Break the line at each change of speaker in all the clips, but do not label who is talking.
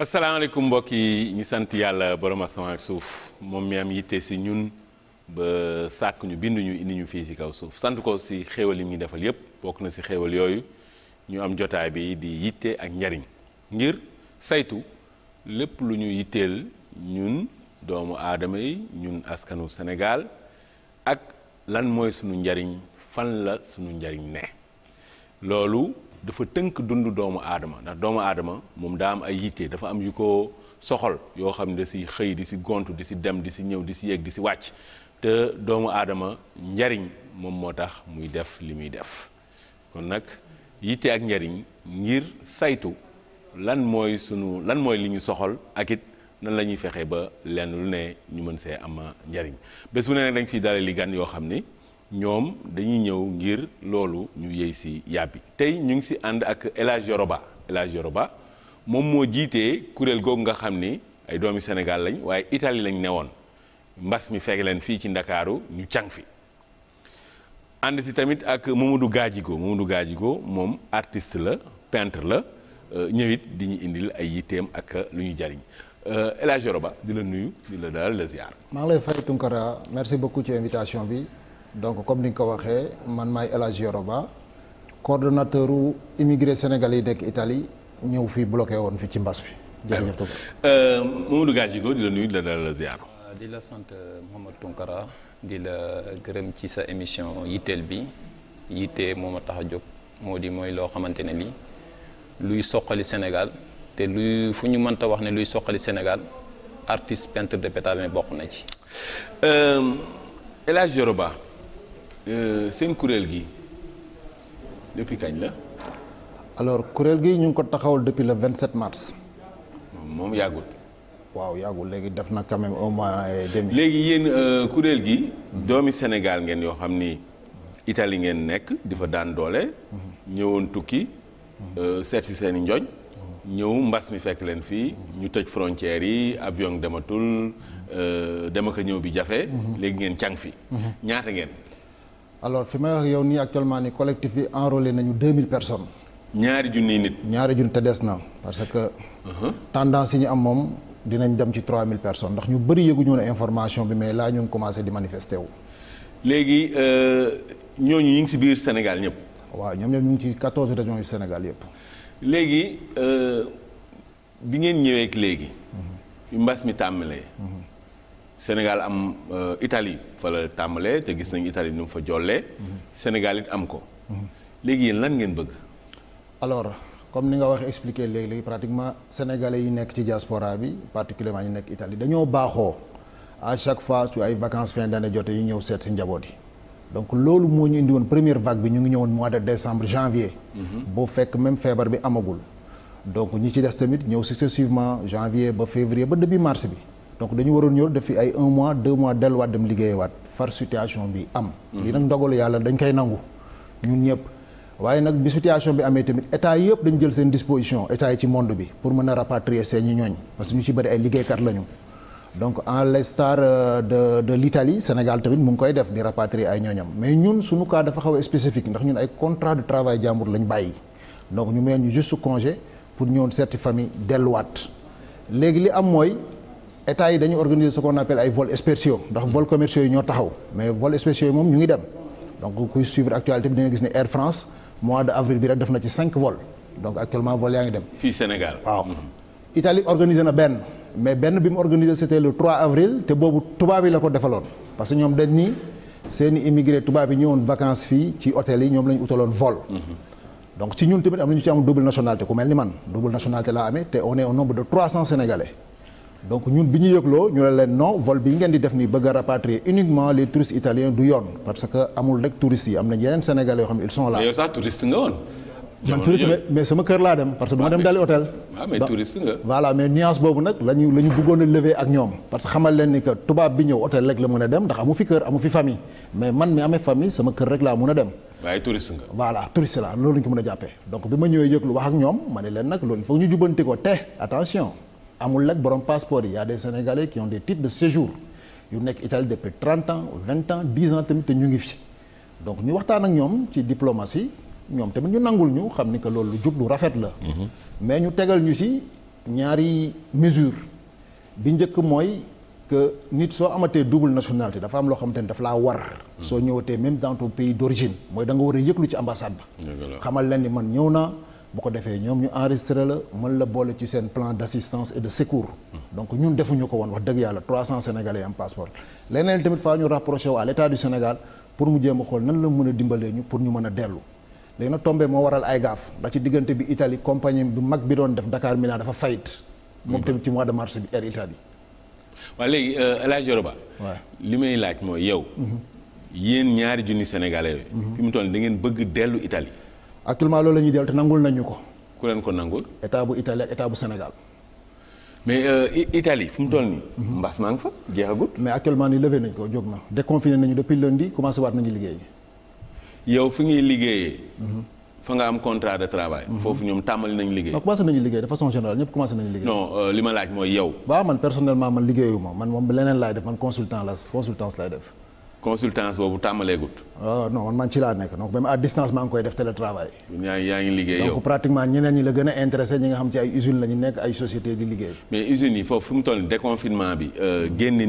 asalaamaaleykum mbokk yi ñu sant yàlla borom asamaan ak suuf moom mi am yitte si ñun ba sàkk ñu bind ñu indi ñu fii si kaw suuf sant ko si xéewal yi mu defal yépp bokk na si xéewal yooyu ñu am jotaay bi di yitte ak njariñ ngir saytu lépp lu ñu yitteel ñun doomu aadama yi ñun askanu Sénégal ak lan mooy sunu njariñ fan la sunu njariñ ne loolu dafa tënk dund doomu aadama ndax doomu aadama moom daa am ay yitte dafa am yu ko soxal yoo xam ne si xëy di si gont di si dem di si ñëw di si yéeg di si wàcc te doomu aadama njariñ moom moo tax muy def li muy def kon nag yitte ak njariñ ngir saytu lan mooy sunu lan mooy li ñu soxal ak it nan la ñuy fexee ba lenn lu ne ñu mën see ama njariñ bés bu ne nag dañ fiy dale li gan yoo xam ni ñoom dañuy ñëw ngir loolu ñu yëy si yàbbi tey ñu ngi si ànd ak El Hadj Yoroba El Yoroba moom moo jiitee kuréel googu nga xam ni ay doomi Sénégal lañ waaye Italie lañ newoon mbas mi fekk leen fii ci Ndakaaru ñu càng fi ànd si tamit ak Mamadou Gadjigo Mamadou Gadjigo moom artist la pentre la euh, ñëwit di ñu indil ay yitteem ak lu ñu jariñ euh, El Hadj Yoroba di la nuyu di la daal la ziar.
maa ngi lay fay Tunkara ci invitation bi. donc comme ni nga ko waxee man may El Hadj Yoroba coordonnateur u immigré sénégalais yi nekk Italie ñëw fii bloqué woon fi ci mbas bi. jërëjëf
euh, Mamadou Gadjigo
di la nuyu la dalal ziar. Ah, di la sant euh, Mouhamed Tounkara di la gërëm ci sa émission yitteel bi yitte moom a tax a jóg moo di mooy loo xamante ne lii luy soqali Sénégal te luy fu ñu mënta wax ne luy soqali Sénégal artiste pentre de pétavin bokk na ci. Euh, El Yoroba.
Euh, seen kuréel gi depuis kañ la.
alors kuréel gi ñu ngi ko taxawal depuis le 27 mars.
moom yàggul. waaw yàggul léegi
def na kame même au moins euh, demi.
léegi yéen euh, kuréel gi. doomi Sénégal ngeen yoo xam ni Italie ngeen nekk di fa daan doole. ñëwoon tukki. seet si seen i njoñ. ñëw mbas mi fekk leen fii. ñu tëj frontières yi avion dematul dem ak ñëw bi jafe. Mhm. léegi ngeen càng fi. Mhm. ñaata ngeen.
alors fi may wax yow nii actuellement ni collectif bi enrôlé nañu 2000 personnes.
ñaari junniy
nit. ñaari junni te des na parce que. Uh-huh. tendance yi ñu am moom dinañ dem ci mille personnes ndax ñu bëri yëguñu woon information bi mais laa ñu ngi commencé di manifester wu.
léegi euh, ñooñu ñu ngi si biir Sénégal ñëpp.
waaw ñoom ñoom ñu ngi ci 14 régions yu Sénégal yëpp.
léegi euh, bi ngeen ñëweek léegi. Mm-hmm. mbas mi tàmmalee. Mm-hmm. Sénégal am euh, Italie fa la tàmbalee te gis nañu Italie nu mu fa jollee. Sénégal it am ko. léegi yéen lan ngeen bëgg.
alors comme ni nga wax expliqué léegi-léegi pratiquement sénégalais yi nekk ci diaspora bi particulièrement ñu nekk Italie dañoo baaxoo à chaque fois su ay vacances fin d'année jot yu ñëw seet si njaboot yi. donc loolu moo ñu indi woon première vague bi ñu ngi ñëwoon mois de décembre janvier. Mhm. boo fekk même feebar bi amagul. donc ñi ci des tamit ñëw successivement janvier ba février ba début mars bi. donc dañu waroon ñëw def fi ay un mois deux mois delluwaat dem waat far situation bi am. Hmm. lii nag ndogalu yàlla dañ koy nangu ñun ñëpp. waaye nag bi situation bi amee tamit état yëpp dañ jël seen disposition état yi ci monde bi pour mën a rapatrier seen ñi ñooñ parce que ñu ci bëri ay liggéeykat lañu. donc en l'instar euh, de de l'Italie Sénégal tamit mu ngi koy def di rapatrier ay ñooñam mais ñun suñu cas dafa xaw a ndax ñun ay contrat de travail jàmbur lañ bàyyi donc ñu meen ñu juste congé pour ñëw seeti famille delluwaat léegi li am mooy. état yi dañu organiser ce qu'on appelle ay vols spéciaux ndax vols commerciaux yi ñoo taxaw mais vols spéciaux yi moom ñu ngi dem donc kuy suivre actualité bi da gis ne Air France mois de avril bi rek def na ci cinq vols donc actuellement vols yaa ngi dem.
fii Sénégal waaw. Mhm.
Italie organisé na benn mais benn bi mu organisé c'était trois 3 avril te boobu tubaab yi la ko defaloon parce que ñoom dañ ni seeni immigré tubaab yi woon vacances fii ci hôtel yi ñoom la ñu vol. Mhm. ci ñun tamit am na ñu ci am double nationalité ku mel ni donc ñun bi ñu yëgloo ñu ne leen non vol bi ngeen di def nii bëgg a rapatrier uniquement les touristes italiens du yoon parce que amul rek touristes yi am nañ yeneen sénégalais yoo xam
ne
ils laa dem parce que du ma ah, dem dali hôtel waaw ah, nga voilà mais ñu bëggoon a lever ak ñoom que xamal leen ni que tubaab bi ñëw hôtel rek la mën a dem fi kër amu fi famille mais man mi sama kër rek laa a dem waaye touriste nga voilà la loolu ñu ko mën a jàppee donc bi ma ñëwee yëg lu wax ak ñoom ma ne leen nag loolu il ñu jubbanti ko te attention amul nag borom passeport yi y a des sénégalais qui ont des titres de séjour yu nekk Italie depuis trente ans vingt ans dix ans tamit te ñu ngi fi donc ñu waxtaan ak ñoom ci diplomatie ñoom tamit ñu nangul ñu xam ni que loolu lu jub lu rafet la. Mhm. mais ñu tegal ñu ci ñaari mesure bi njëkk mooy que nit soo amatee double nationalité dafa am loo xamante ni daf laa war. Mhm. soo ñëwatee même dans ton pays d' origine mooy da nga war a yëglu ci ambassade ba. xamal leen ni man ñëw naa. bu ko defee ñoom ñu enregistré la mën la boole ci seen plan d' et de secours. donc ñun defuñu ko woon wax dëgg yàlla 300 sénégalais am passeport. leneen tamit faa ñu rapproché wu à l' état a a ñu pour a dellu. léegi nag moo waral ay gaaf ndax ci diggante bi Italie compagnie bi mag bi doon def Dakar Milan dafa fayit. moom tamit ci mois de mars bi Air Italie.
waaw léegi euh, El Yoroba. waaw li may laaj mooy yow. Mhm. yéen ñaari junni sénégalais
actuellement loolu la ñuy dellu te nangul nañu ko.
ku leen ko nangul. état bu Italie ak état bu Sénégal. mais euh, Italie fu mu toll nii.
mbas maa ngi fa jeexagut. mais actuellement nii levé nañ ko jóg na déconfiné nañu depuis lundi commencé waat nañu liggéey.
yow fi ngay liggéeyee. Mhm. fa nga am contrat de travail. Mhm. foofu ñoom tàmbali nañu liggéey. non
commencé nañu liggéey de façon générale ñëpp commencé nañu liggéey.
non euh, li ma laaj mooy yow.
waaw man personnellement man liggéeyuma
consultance boobu tàmbaleegut.
waaw ah, non man man ci laa nekk donc même à distance maa koy def télétravail.
ñaa yaa ngi liggéey yow
pratiquement ñeneen ñi la gën a intéressé ñi nga xam ci ay usines la ñu nekk ay société di liggéey.
mais usines yi foofu fi mu toll déconfinement bi euh, génn euh,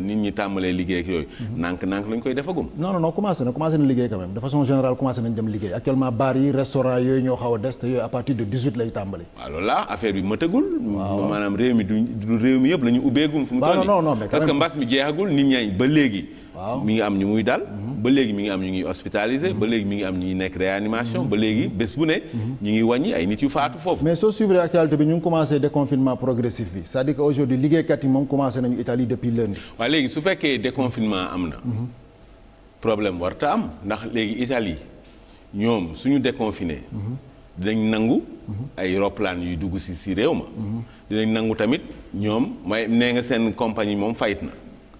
nit ñi tàmbalee liggéey ak yooyu. Mhm. nànk nànk lañ koy defagum.
non non non commencé na commencé na liggéey quand même de façon générale commencé nañ dem liggéey actuellement bar a des te yooyu à
la bi mëtagul. waaw maanaam mi ngi am ñu muy dal ba léegi mi ngi am ñu ngi hospitalisé ba léegi mi ngi am ñu ngi nekk réanimation ba léegi bés bu ne ñu ngi wàññi ay nit yu faatu
foofu mais soo suivre actualité bi ñu ngi commencé déconfinement progressif bi c'est-à-dire que aujourd'hui liggéeykat yi moom commencé nañu Italie depuis lundi
waaw léegi su fekkee déconfinement am na mhm. problème warta am ndax léegi Italie ñoom suñu déconfiné mhm. dinañ nangu mhm. ay roplaan yu dugg si si réew ma dinañ nangu tamit ñoom may nee nga seen compagnie moom fayit na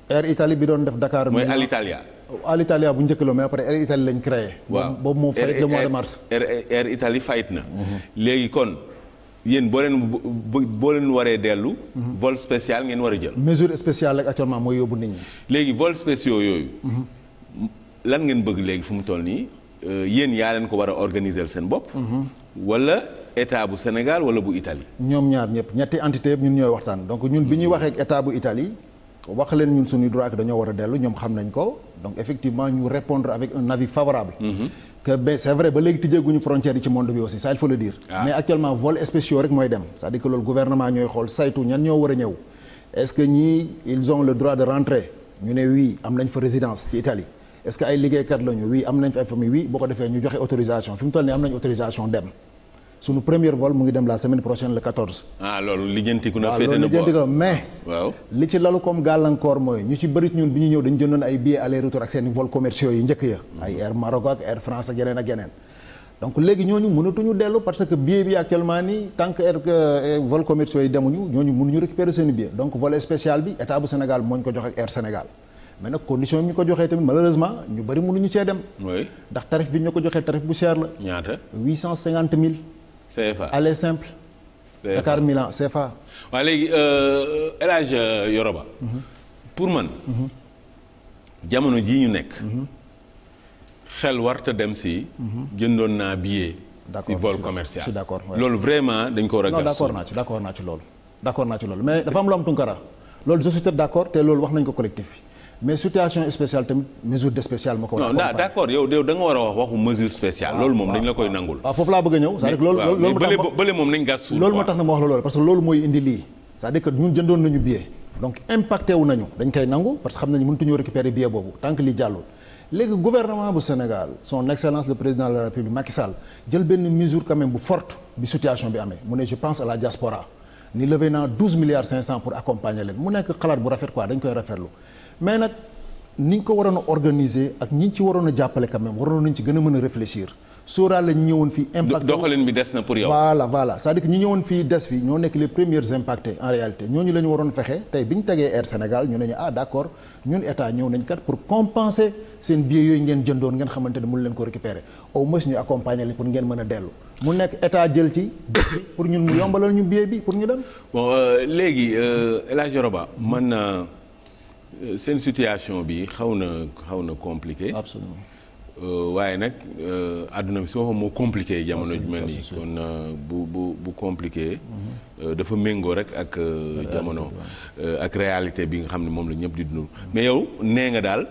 Air Italie bi doon def Dakar. mooy Alitalia. Alitalia bu njëkk la mais après Air Italie lañ créé. waaw boobu moo fayit le mois de mars.
Air Italie fayit na. Mhm. léegi kon yéen boo leen boo leen waree dellu. Mhm. vol spécial ngeen war a jël.
mesure spéciale ak actuellement mooy yóbbu nit ñi.
léegi vol spéciaux yooyu.
Mhm.
lan ngeen bëgg léegi fu mu toll nii euh, yéen yaa leen ko war a organiser seen bopp. wala. état bu Sénégal wala bu Italie.
ñoom ñaar ñëpp ñetti entité yëpp ñun ñooy waxtaan donc ñun bi ñuy waxee ak bu Italie wax leen ñun suñu droit que dañoo war a dellu ñoom xam nañ ko donc effectivement ñu répondre avec un avis favorable mm-hmm. que mais c'est vrai ba léegi tijjeeguñu frontières yi ci monde bi aussi ça il ah. que loolu gouvernement ñooy xool saytu ñan ñoo war a ñëw est-ce que ñii ils ont le droit de rentrer ñu ne oui am nañ fa résidence ci Italie est-ce que ay liggéeykat lañu oui am nañ fa ay famille oui boo ko defee ñu joxe autorisation fi mu toll nii am nañ autorisation suñu premier vol mu ngi dem la semaine prochaine le 14.
ah loolu lijjantiku na féete na boor
mais. li ci lalu comme gàllankoor mooy ñu ci bëri ñun bi ñu ñëw dañu jëndoon ay billets aller retour ak seen vol commerciaux yi njëkk ya. ay air Maroc ak air France ak yeneen ak yeneen. donc léegi ñooñu mënatuñu dellu parce que billet bi actuellement nii tant que air euh, vol commerciaux yi demuñu ñooñu mënuñu récupérer seen billet donc vol spécial bi état Sénégal moo ko jox ak air Sénégal. mais nag condition bi ñu ko joxee ñu bëri dem. ndax tarif bi ñu ko joxee tarif bu cher la. ñaata 850 CFA aller simple. CFA Dakar Milan CFA.
waaw léegi euh, El Hadj euh, Yoroba.
Mhm. pour man. Mhm.
jamono jii ñu nekk. Mhm. xel warta dem si. jëndoon naa billet. si vol commercial d' accord loolu vraiment dañ ko war a gas. d' accord naa ci
d' accord naa ci loolu. d' accord naa ci loolu mais dafa am lu am tunkara loolu je suis tout te loolu wax nañ ko collectif. mais situation spéciale tamit mesure de spéciale ma ko war a. non d'
accord yow a wax waxu mesure spéciale. Ah, loolu moom dañ la ah, koy ah. nangul. waaw
foofu laa bëgg a ñëw. c'est-à-dire loolu loolu moo tax
bële moom nañ gas suul. loolu moo
tax na parce que loolu mooy indi lii. cest dire que ñun jëndoon nañu billet. donc impacté nañu dañ koy nangu parce que xam nañu mënut ñoo récupérer billet boobu tant lii jàllul. léegi gouvernement bu Sénégal son excellence le président de la République Macky Sall jël benn mesure mais nag ni ñu ko waroon a organiser ak ñi ñu ci waroon a jàppale quand même waroon nañ ci gën a mën a réfléchir sóoraal la ñu ñëwoon fii. impact
doxalin bi des na pour yow.
voilà voilà c'est-à-dire que ñi ñëwoon fii des fii ñoo nekk les premiers impactés en réalité ñooñu la ñu waroon fexe tey bi ñu tegee Air Sénégal ñu ne ñu ah d'accord ñun état ñëw nañ kat pour compenser seen billet yooyu ngeen jëndoon ngeen xamante ne mënu leen ko récupérer au moins ñu accompagner leen pour ngeen mën a dellu mu nekk état jël ci pour ñun mu ñu billet bi pour ñu dem.
bon euh, léegi euh, El Hadj Yoroba man. Euh, seen situation bi xaw na xaw na compliqué. absolument. Euh, waaye nag euh, àdduna bi si waxoon moo compliqué jamono ju mel nii euh, bu bu bu compliqué. Mhm. dafa méngoo rek ak jamono ak réalité bi nga xam ne moom la ñëpp di dund. mais yow nee nga daal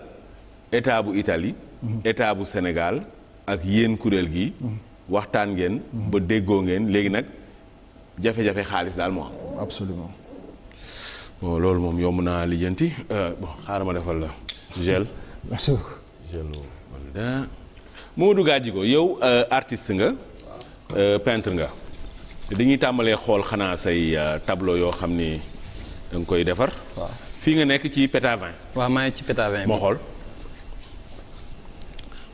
état bu itali mhm. état bu Sénégal ak yéen kuréel gi. Mhm. waxtaan ngeen. ba déggoo ngeen léegi nag jafe-jafe xaalis daal moo am. bon loolu moom yomb naa lijjanti euh, bon xaaral ma defal la gel. merci beaucoup gel wala. Modou Gadjigo yow euh, artiste nga. Euh, peintre nga. dañuy tàmbalee xool xanaa say tableau yoo xam ni da koy defar. waaw fii nga nekk ci Pétavin. waaw maa ngi ci Pétavin moo xool.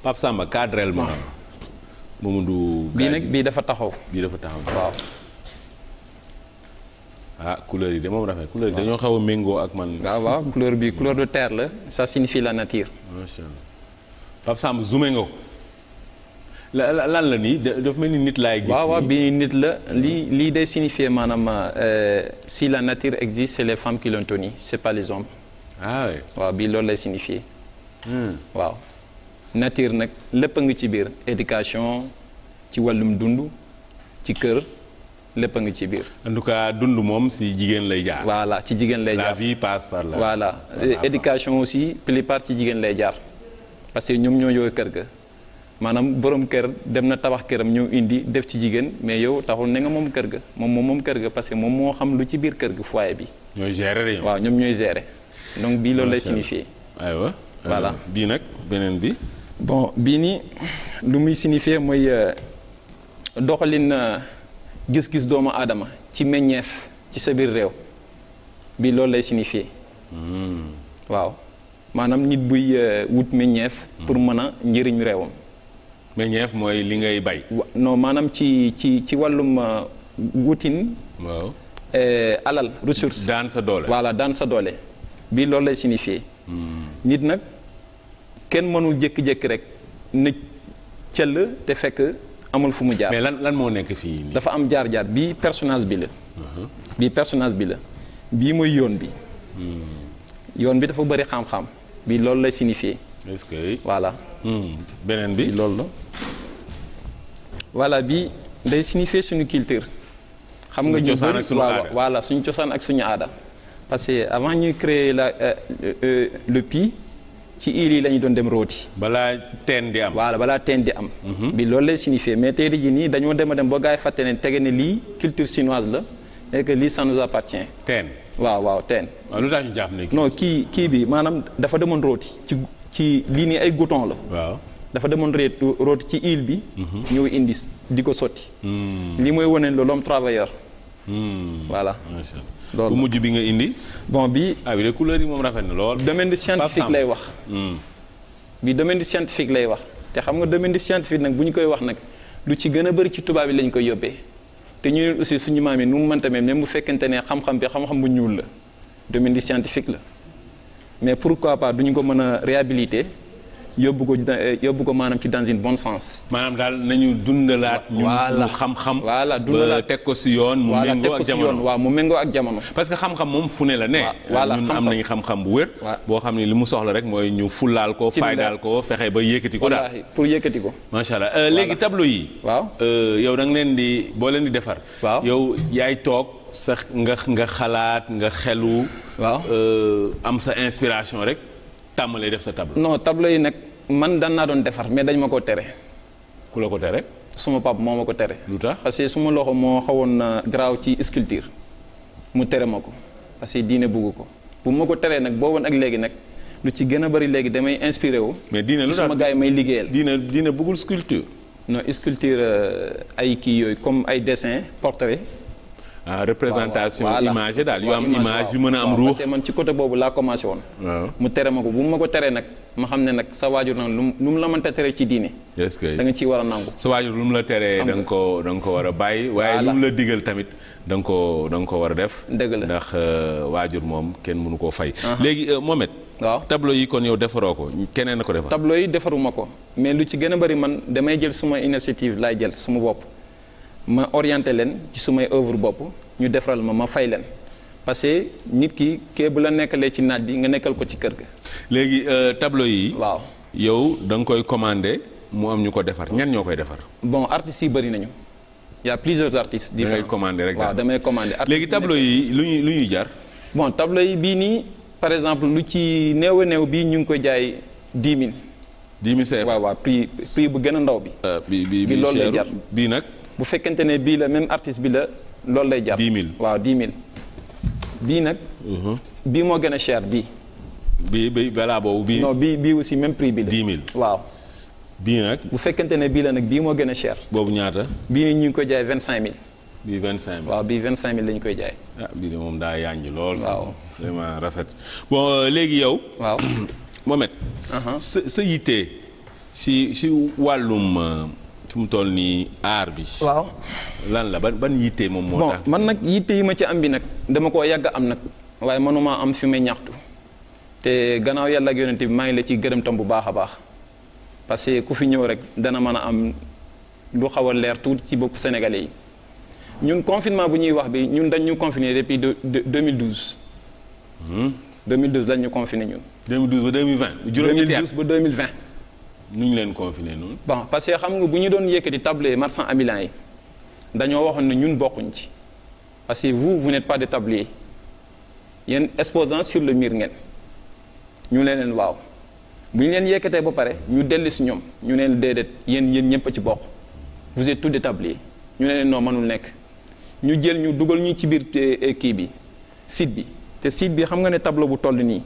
Pape Samba cadrel ma. Mamadou. bii nag bii dafa taxaw. bii dafa taxaw ah couleur yi de moom rafet couleur yi dañoo xaw a méngoo
ak man. waaw waaw couleur bi couleur de terre la sa signifie la nature. macha allah Pape
Samb nga ko
la lan la nii dafa mel ni nit laay. gis waaw waaw nit la ah. lii lii day signifier maanaam euh, si la nature existe c'est les femmes qui l'ont c'est pas les hommes. Ah, waaw bii loolu lay signifier. Hmm. waaw nature nag lépp a ngi ci biir éducation ci wàllum dund ci kër. lépp a ngi ci biir. en tout cas dund moom si jigéen lay jaar. voilà ci jigéen lay jaar la vie passe par voilà éducation aussi plupart ci jigéen lay jaar. parce que ñoom ñoo yore kër ga maanaam boroom kër dem na tabax këram ñëw indi def ci jigéen mais yow taxul ne nga moom kër ga moom moom moom kër ga parce que moom moo xam lu ci biir kër ga foyer bi. ñooy gérer waaw ñoom ñooy gérer. donc bii loolu lay signifié.
aywa voilà euh, bii nag beneen bi.
bon bii nii lu muy signifié mooy euh, doxalin. Euh, gis-gis doomu aadama ci meññeef ci sa biir réew bi loolu lay signifier hmm. waaw maanaam nit buy euh, wut meññeef pour hmm. mën a njëriñ réewam meññeef mooy li ngay bay non maanaam ci ci ci wàllum euh, wutin waaw euh, alal ressource daan sa doole voilà daan sa doole bi loolu lay signifier hmm. nit nag kenn mënul jékki-jékki rek na cëll te fekk amul fu mu jaar. mais lan lan moo nekk fii. dafa am jaar jaar bii personnage bi la. Uh-huh. bii personnage bi la bii mooy yoon bi. Hmm. yoon bi dafa bëri xam-xam. bi loolu lay signifié. est voilà. Hmm. beneen bi loolu la. voilà bi day signifié suñu culture.
xam nga ñu bëri
waaw suñu cosaan ak suñu aada. parce que avant ñuy créer la euh, euh, euh, le pays. ci îles yi la ñu doon dem rooti. balaa teen di am. voilà balaa teen di am. Mhm. bi lool lay signifier mais tey jii nii dañoo dema a dem ba gars yi fàtte ne tege ne lii culture chinoise la et que lii ça nous appartient. teen waaw waaw teen. waaw ah, lu tax ñu jàpp ne. non kii kii bi maanaam dafa demoon rooti ci ci lii nii ay gouton la. waaw dafa demoon reet rooti ci île bi. Mhm. ñëw indi di ko sotti. Hmm. lii mooy wane ne l'homme travailleur. Hmm. voilà. bu mujj bi nga indi. bon bi ah bi yi moom rafet na lool. domaine du scientifique lay wax. Hmm. bi domaine du scientifique lay wax te xam nga domaine du scientifique nag bu ñu koy wax nag lu ci gën a bëri ci tubaab yi lañ koy yóbbee te ñu aussi suñu maam yi nu mu mënta même bu fekkente ne xam-xam bi xam-xam bu ñuul la domaine du scientifique la mais pour pourquoi pas ñu ko mën a réabilité yóbbu ko eh, yóbbu ko maanaam ci dans une bonne sens. maanaam
daal nañu dundalaat. ñun
suñu xam-xam. voilà
teg ko si yoon. mu méngoo ak jamono waaw mu méngoo ak jamono. parce que xam-xam moom fu ne la ne. ñun am nañu xam-xam bu wér. boo xam ne li mu soxla rek mooy ñu fulaal ko. faydaal ko fexe ba yëkkati ko daal. pour yëkkati ko. macha allah euh, léegi tableau yi. waaw euh, yow da nga leen di boo leen di defar. waaw yow yaay toog. sax nga nga xalaat nga xelu. waaw euh, am sa inspiration rek. tàmmalee def sa tableau. non tableau yi nag man daan naa
doon defar mais dañ ma ko tere. ku ko tere. suma pap moo ma ko tere. lu tax parce que suma loxo moo xawoon na euh, garaaw ci sculpture mu tere ma ko parce que diine bugg ko bu ma ko teree nag booboon ak léegi nag lu ci gën a bari léegi damay inspiré wu. mais diine lu suma gars yi may liggéeyal. diine diine buggul sculpture. non sculpture euh, ay kii yooyu comme ay dessin portrait Ah, représentation image daal yu am image yu mën a am ruux parce que man ci côté boobu laa commencé woon mu tere ma ko bu ma ko teree nag ma xam ne nag sa waajur nag lu mu la mënta tere ci diine
est-ce que da nga ciy war a nangu sa waajur lu mu la teree da nga ko ko war a bàyyi waaye lu mu la digal tamit da nga ko da ko war a def dëgg la ndax euh, waajur moom kenn mënu koo fay uh-huh. léegi euh, Mohamed waaw tableau yi kon yow defaroo ko keneen na ko defar
tableau yi defaruma ko mais lu ci gën a bëri man damay jël suma initiative laay jël suma bopp ma orienté leen ci sumay œuvre bopp ñu defaral ma ma fay leen parce que nit ki kee bu la nekkalee ci naaj bi nga nekkal ko ci kër gi
léegi euh, tableau yi. waaw yow da koy commander mu am ñu ko defar ñan ñoo koy defar. bon artistes yi bëri nañu y' a plusieurs
artistes. différents damay commandé rek waaw damay commandé. léegi tableau yi lu ñuy lu ñuy jar. bon tableau yi bii nii par exemple lu ci néew a bii ñu ngi koy jaay 10 000. 10 000 CFA prix prix bu gën a ndaw bi. Euh, bi bi bi cher bii nag. bu fekkente ne bii la même artiste bi la lool lay jar. 10 000 waaw 10 bii nag. Mhm. bii moo gën a cher bii. bii bii balaa boobu bii. non bii aussi même prix bi la. 10 000 waaw. bii nag. bu fekkente ne bii la nag bii moo gën a cher. boobu ñaata. bii ñu ngi koy jaay 25000.
bii 25000 waaw bii 25000 la ñu koy jaay. ah bii de moom daa yaaññi lool. waaw vraiment rafet. bon euh, léegi yow. waaw Mohamed. Uh-huh. sa sa yitte si si wàllum. Euh, fu mu toll nii aar bi. waaw lan la ba ban yitte moom moo
tax. man nag yitte yi ma ci am bi nag dama koo yàgg am nag waaye mënuma am fi may ñaxtu te gannaaw yàlla ak yonent bi maa ngi la ciy gërëm tam bu baax a baax parce que ku fi ñëw rek dana mën a am lu xaw a leer tuuti ci bopp sénégalais yi ñun confinement bu ñuy wax bi ñun dañ ñu confiné depuis deux deux mille douze. 2012 hmm? lañ ñu confiné ñun. ba 2020. juróomi 2012 ba nu ñu leen confiné noonu. bon parce que xam nga bu ñu doon yëkkati tablier marchand ambulant yi dañoo waxoon ne ñun bokkuñ ci parce que vous vous n'êtes pas des tabliers sur le mur ngeen ñu leen leen waaw bu ñu leen yëkkatee ba pare ñu dellu si ñoom ñu leen déedéet yéen yéen ñëpp ci bokk vous êtes tous des tabliers ñu leen noo mënul nekk ñu jël ñu dugal ñu ci biir eh, kii bi site bi te site bi xam nga ne tableau bu toll nii.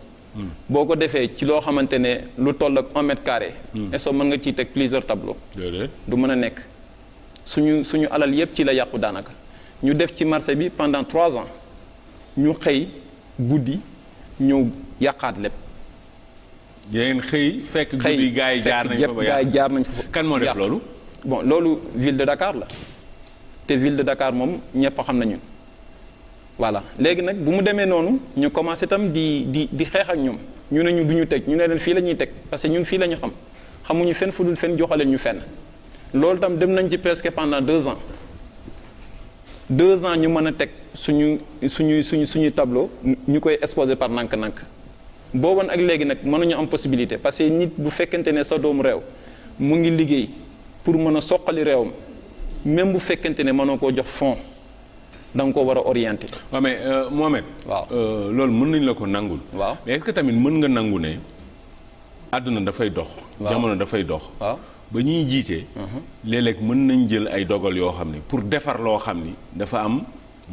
boo ko defee ci loo xamante ne lu toll ak un mètre carré. Mm. eso mën nga ciy teg plusieurs tableaux. du mën a nekk suñu suñu alal yépp ci la yàqu daanaka ñu def ci marché bi pendant trois ans ñu xëy guddi ñëw yàqaat lépp. yéen xëy fekk guddi gars yi jaar nañ fa jaar nañ fa kan moo def loolu. bon loolu ville de Dakar la te ville de Dakar moom ñëpp xam nañu. voilà léegi nag bu mu demee noonu ñu commencé tam di di di xeex ak ñoom ñu ne ñu bu ñu teg ñu ne leen fii la ñuy teg parce que ñun fii lañu ñu xam xamuñu fenn fu dul fenn joxaleen ñu fenn loolu tam dem nañ ci presque pendant deux ans deux ans ñu mën a teg suñu suñu suñu suñuy tableau ñu koy exposé par nank nànk booboon ak léegi nag mën mënuñu am possibilité parce que nit bu fekkente ne sa doomu réew mu ngi liggéey pour mën a soqali réewam même bu fekkente ne mënoo koo jox fond
da nga ko war a orienté. waaw mais euh, Mohamed. waaw euh, loolu mën nañ la ko nangul. waaw mais est tamit mën nga nangu ne. àdduna dafay dox. jamono dafay dox. ba ñuy jiite. Mhm. léeg mën nañ jël ay dogal yoo xam ni pour defar loo xam ni dafa am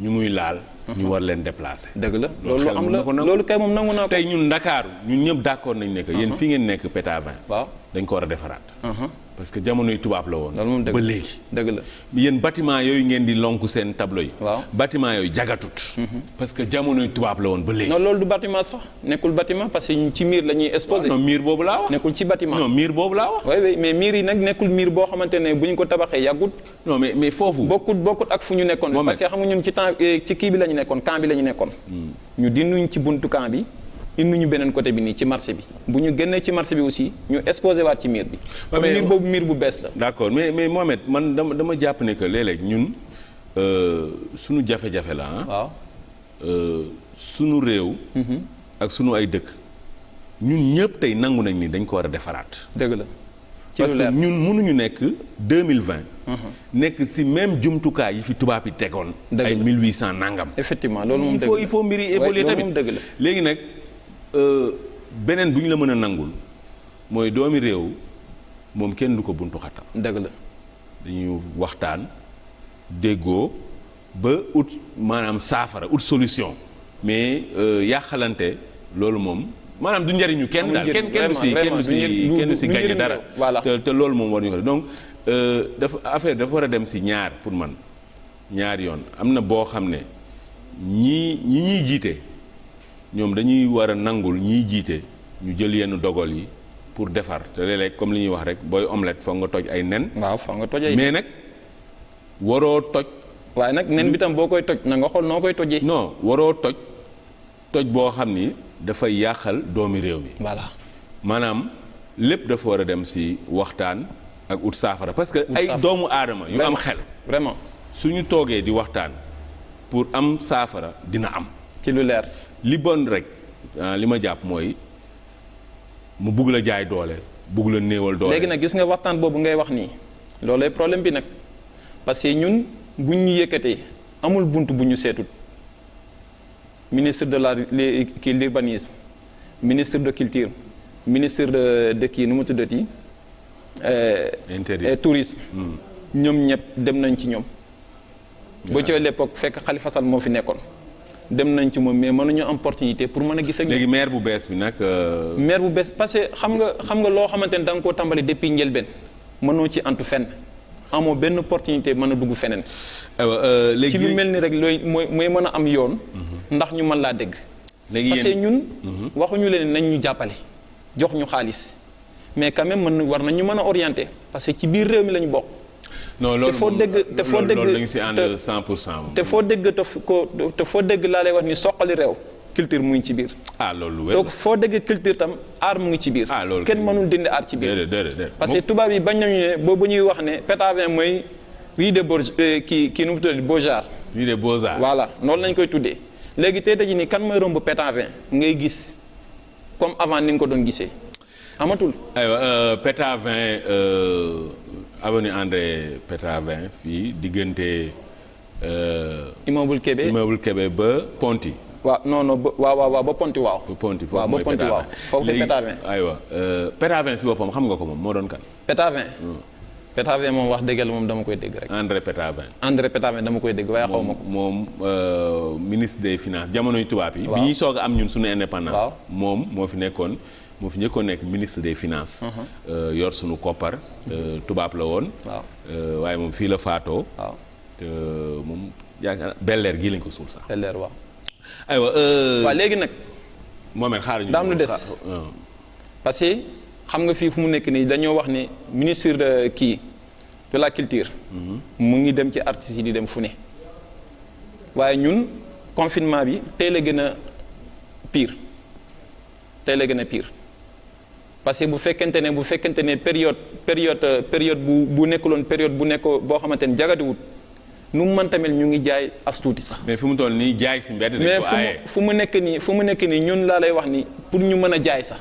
ñu muy laal. ñu mhm. war leen déplacer. dëgg la loolu am la loolu kay moom nangu naa ko tey ñun Ndakaaru ñun ñëpp d'accord nañ ne que. yéen mhm. fi ngeen nekk pétavin. waaw dañ ko war a defaraat. parce que jamonoy tubaab la woon. ba léegi. dëgg la yéen bâtiment yooyu ngeen di lonku seen tableau yi. waaw yooyu jagatut. Mhm. parce que jamonoy tubaab la woon ba léegi. non loolu du bâtiment sax nekkul bâtiment parce que ci miir la ñuy exposé. non miir boobu laa wax. nekkul ci bâtiment non miir boobu laa wax. oui
mais miir yi nag nekkul miir boo xamante ne bu ñu ko tabaxee yàggut. non mais mais foofu. bokkut bokkut ak fu ñu nekkoon. parce que xam nga ñun ci temps eh, ci kii bi la ñu nekkoon camp bi la ñu nekkoon. Hmm. ñu dinduñ bi. ñu beneen côté bi nii ci marché bi bu ñu génnee ci marché bi aussi ñu exposé waat ci miir bi. waaw miir boobu
miir bu bees la. d'accord mais mais Mohamed man dama dama jàpp ne que léeg-léeg ñun euh, suñu la ah. sunu réew. Mhm. ak sunu ay dëkk ñun ñëpp tey nangu nañ ni dañ ko war a defaraat. dëgg la parce que ñun mënuñu nekk 2020. Mhm. nekk si même jumtukaay yi fi tubaab yi tegoon. ay 1800 nangam. effectivement loolu moom dëgg la il faut il faut mbir yi évoluer tamit léegi nag. Euh, beneen bu ñu la mën a nangul mooy doomi réew moom kenn du ko buntu xatal. dëgg la dañuy waxtaan déggoo ba ut maanaam saafara ut solution mais euh, yàqalante loolu moom. maanaam du njariñu kenn daal kenn si kenn du si kenn du dara te te loolu moom war ñu ko donc euh, dafa affaire dafa war a dem si ñaar pour man ñaar yoon am na boo xam ne ñii ñi ñuy jiite ñoom dañuy war a nangul ñiy jiite ñu jël yenn dogal yi pour defar te léeg-léeg comme li ñuy wax rek booy omelette foog nga toj ay nen. waaw foog nga toj ay nag waroo toj. waaye nag nen bi tam boo koy toj na nga xool noo koy tojee. non waroo toj toj boo xam ni dafay yàqal doomi réew mi. voilà maanaam lépp dafa war a dem si waxtaan ak ut saafara parce que ay doomu aadama yu am xel. vraiment ñu toogee di waxtaan pour am saafara dina am. ci leer. li bon rek ah, li ma jàpp mooy mu bugg la jaay doole bugg la néewal doole. léegi nag gis
nga waxtaan boobu ngay wax nii loolay problème bi nag parce que ñun buñ ñu yëkkatee amul bunt bu ñu seetut ministre de la kii l'urbanisme ministre de culture ministre de de kii nu mu tuddati. Euh, intérieur tourisme. Hmm. ñoom ñëpp dem nañ ci ñoom. ba ci l'époque fekk Khalifa Sall moo fi nekkoon. dem nañ ci moom mais mën nañu am portinité pour mën a gis ak. léegi maire bu
bees bi nag. Euh,
maire bu bees parce que xam nga xam nga loo xamante ne da nga koo tàmbali depuis njëlbeen mënoo ci antu fenn. amoo benn portinité mën a dugg feneen. Euh, léegi ci lu mel ni rek looy mooy mooy mën a am yoon. Mhm. ndax ñu mën laa dégg. léegi ñun. Mhm. waxuñu leen nañ ñu jàppale jox ñu xaalis mais quand même mën war nañ ñu mën a orienté parce que ci biir réew mi la ñu bokk. non loolu moom te foo dégg loolu dañ si
ànd 100 pour
100. te foo dégg te ko te foo dégg laa lay wax ni soqali réew. culture mu ngi ci biir. ah loolu wér donc foo dégg culture tam aar mu ngi ci biir. ah loolu kenn mënul dindi art ci biir. parce que tubaab yi bañ nañu ne boobu ñuy wax ne Pétavin mooy rue de Bourges euh, kii kii nu mu tuddee Beaux-Arts. rue voilà noonu lañ koy tuddee. léegi tey daji ni kan mooy romb Pétavin ngay gis comme avant ni nga ko doon gisee
amatul. aywa euh, Pétavin euh, avenue André Pétavin fii diggante. Euh, immeuble Kébé immeuble Kébé ba Ponty. waaw non non ba waaw waaw ba Ponty waaw. ba Ponty foofu mooy Pétavin waaw foofu c'est Pétavin. Euh, si boppam xam nga ko moom moo doon kan. Pétavin. Hmm. Pétavin moom wax dëgg moom dama koy dégg rek. André Pétavin. André Pétavin dama koy dégg waaye xaw ma ko. moom euh, ministre des finances jamonoy tubaab yi. bi ñuy soog a am ñun suñu indépendance. moom moo fi nekkoon. moo fi njëkkoon nekk ministre des finances. Uh-huh. Euh, yor sunu koppar. Euh, tubaab la woon. waaw euh, waaye moom fii la faatoo. waaw te moom belleer gii lañ ko suul sax. belleer waaw. aywa. waaw léegi
nag. Mohamed xaaral ñu. daam lu des parce que xam nga fii fu mu nekk nii dañoo wax ni ministre kii de la culture. Mhm. mu ngi dem ci artistes yi di dem fu ne. waaye ñun confinement bi tey la gën a piir tey la gën a piir parce que bu fekkente ne bu fekkente ne période période euh, période bu bu nekkuloon période bu nekk boo xamante ni jagadiwut nu mu mën tamit ñu ngi
jaay as tuuti sax. mais fu mu toll nii jaay si mbedd. mais
fu mu nekk nii fu mu nekk nii ñun laa lay wax
ni pour ñu mën a jaay sax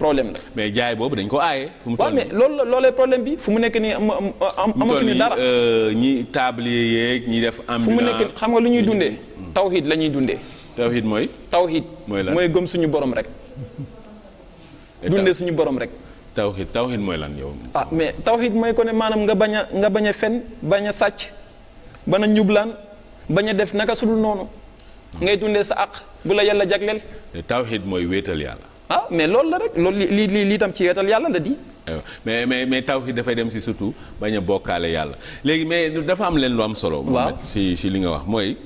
problème la. mais jaay boobu dañ ko aaye. fu mu toll nii waaw
mais loolu loolee problème bi fu mu nekk nii am am
amatuñu dara euh, ñi tablier yeeg ñi def. ambulant fu mu nekk xam nga lu ñuy dundee. Hmm. tawhid la ñuy dundee. tawhid mooy. tawhid mooy
gëm suñu borom
rek. dundee suñu borom rek. tawxid tawxid mooy lan yow.
ah mais tawxid mooy ko ne maanaam nga bañ a nga bañ a fen bañ a sàcc bañ a ñublaan bañ a def naka sudul noonu. ngay dundee sa àq bu la yàlla jagleel.
tawxid mooy wéetal yàlla. ah mais loolu la rek loolu li li lii tam ci wéetal yàlla la di. Eh, mais mais mais tawxid dafay dem si surtout bañ a bokkaale yàlla léegi mais dafa am leen lu am solo. waaw si si li nga wax mooy.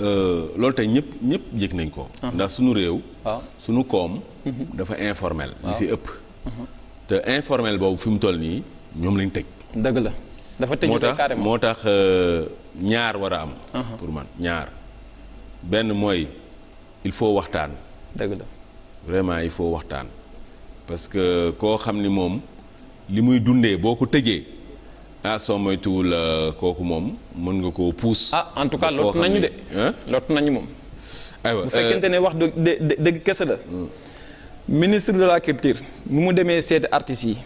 Euh, loolu tey ñëpp ñëpp yëg nañ ko. Ah. ndax suñu réew. waaw ah. suñu koom. Mhm. dafa informel. li ah. si ëpp. Mhm. te informel boobu fi mu toll nii ñoom lañ tëj. dëgg la dafa tëj carrément moo tax euh, ñaar war a am. pour man ñaar benn mooy il faut waxtaan. dëgg la vraiment il faut waxtaan parce que koo xam ni moom li muy dundee boo ko tëjee. ah soo moytuwul euh, kooku moom mën nga koo puus. ah en tout cas lot nañu de. lot nañu moom. aywa bu fekkente euh,
ne wax dëgg dëgg kese la. Hmm. ministre de la culture. nu mu demee seeti artistes yi.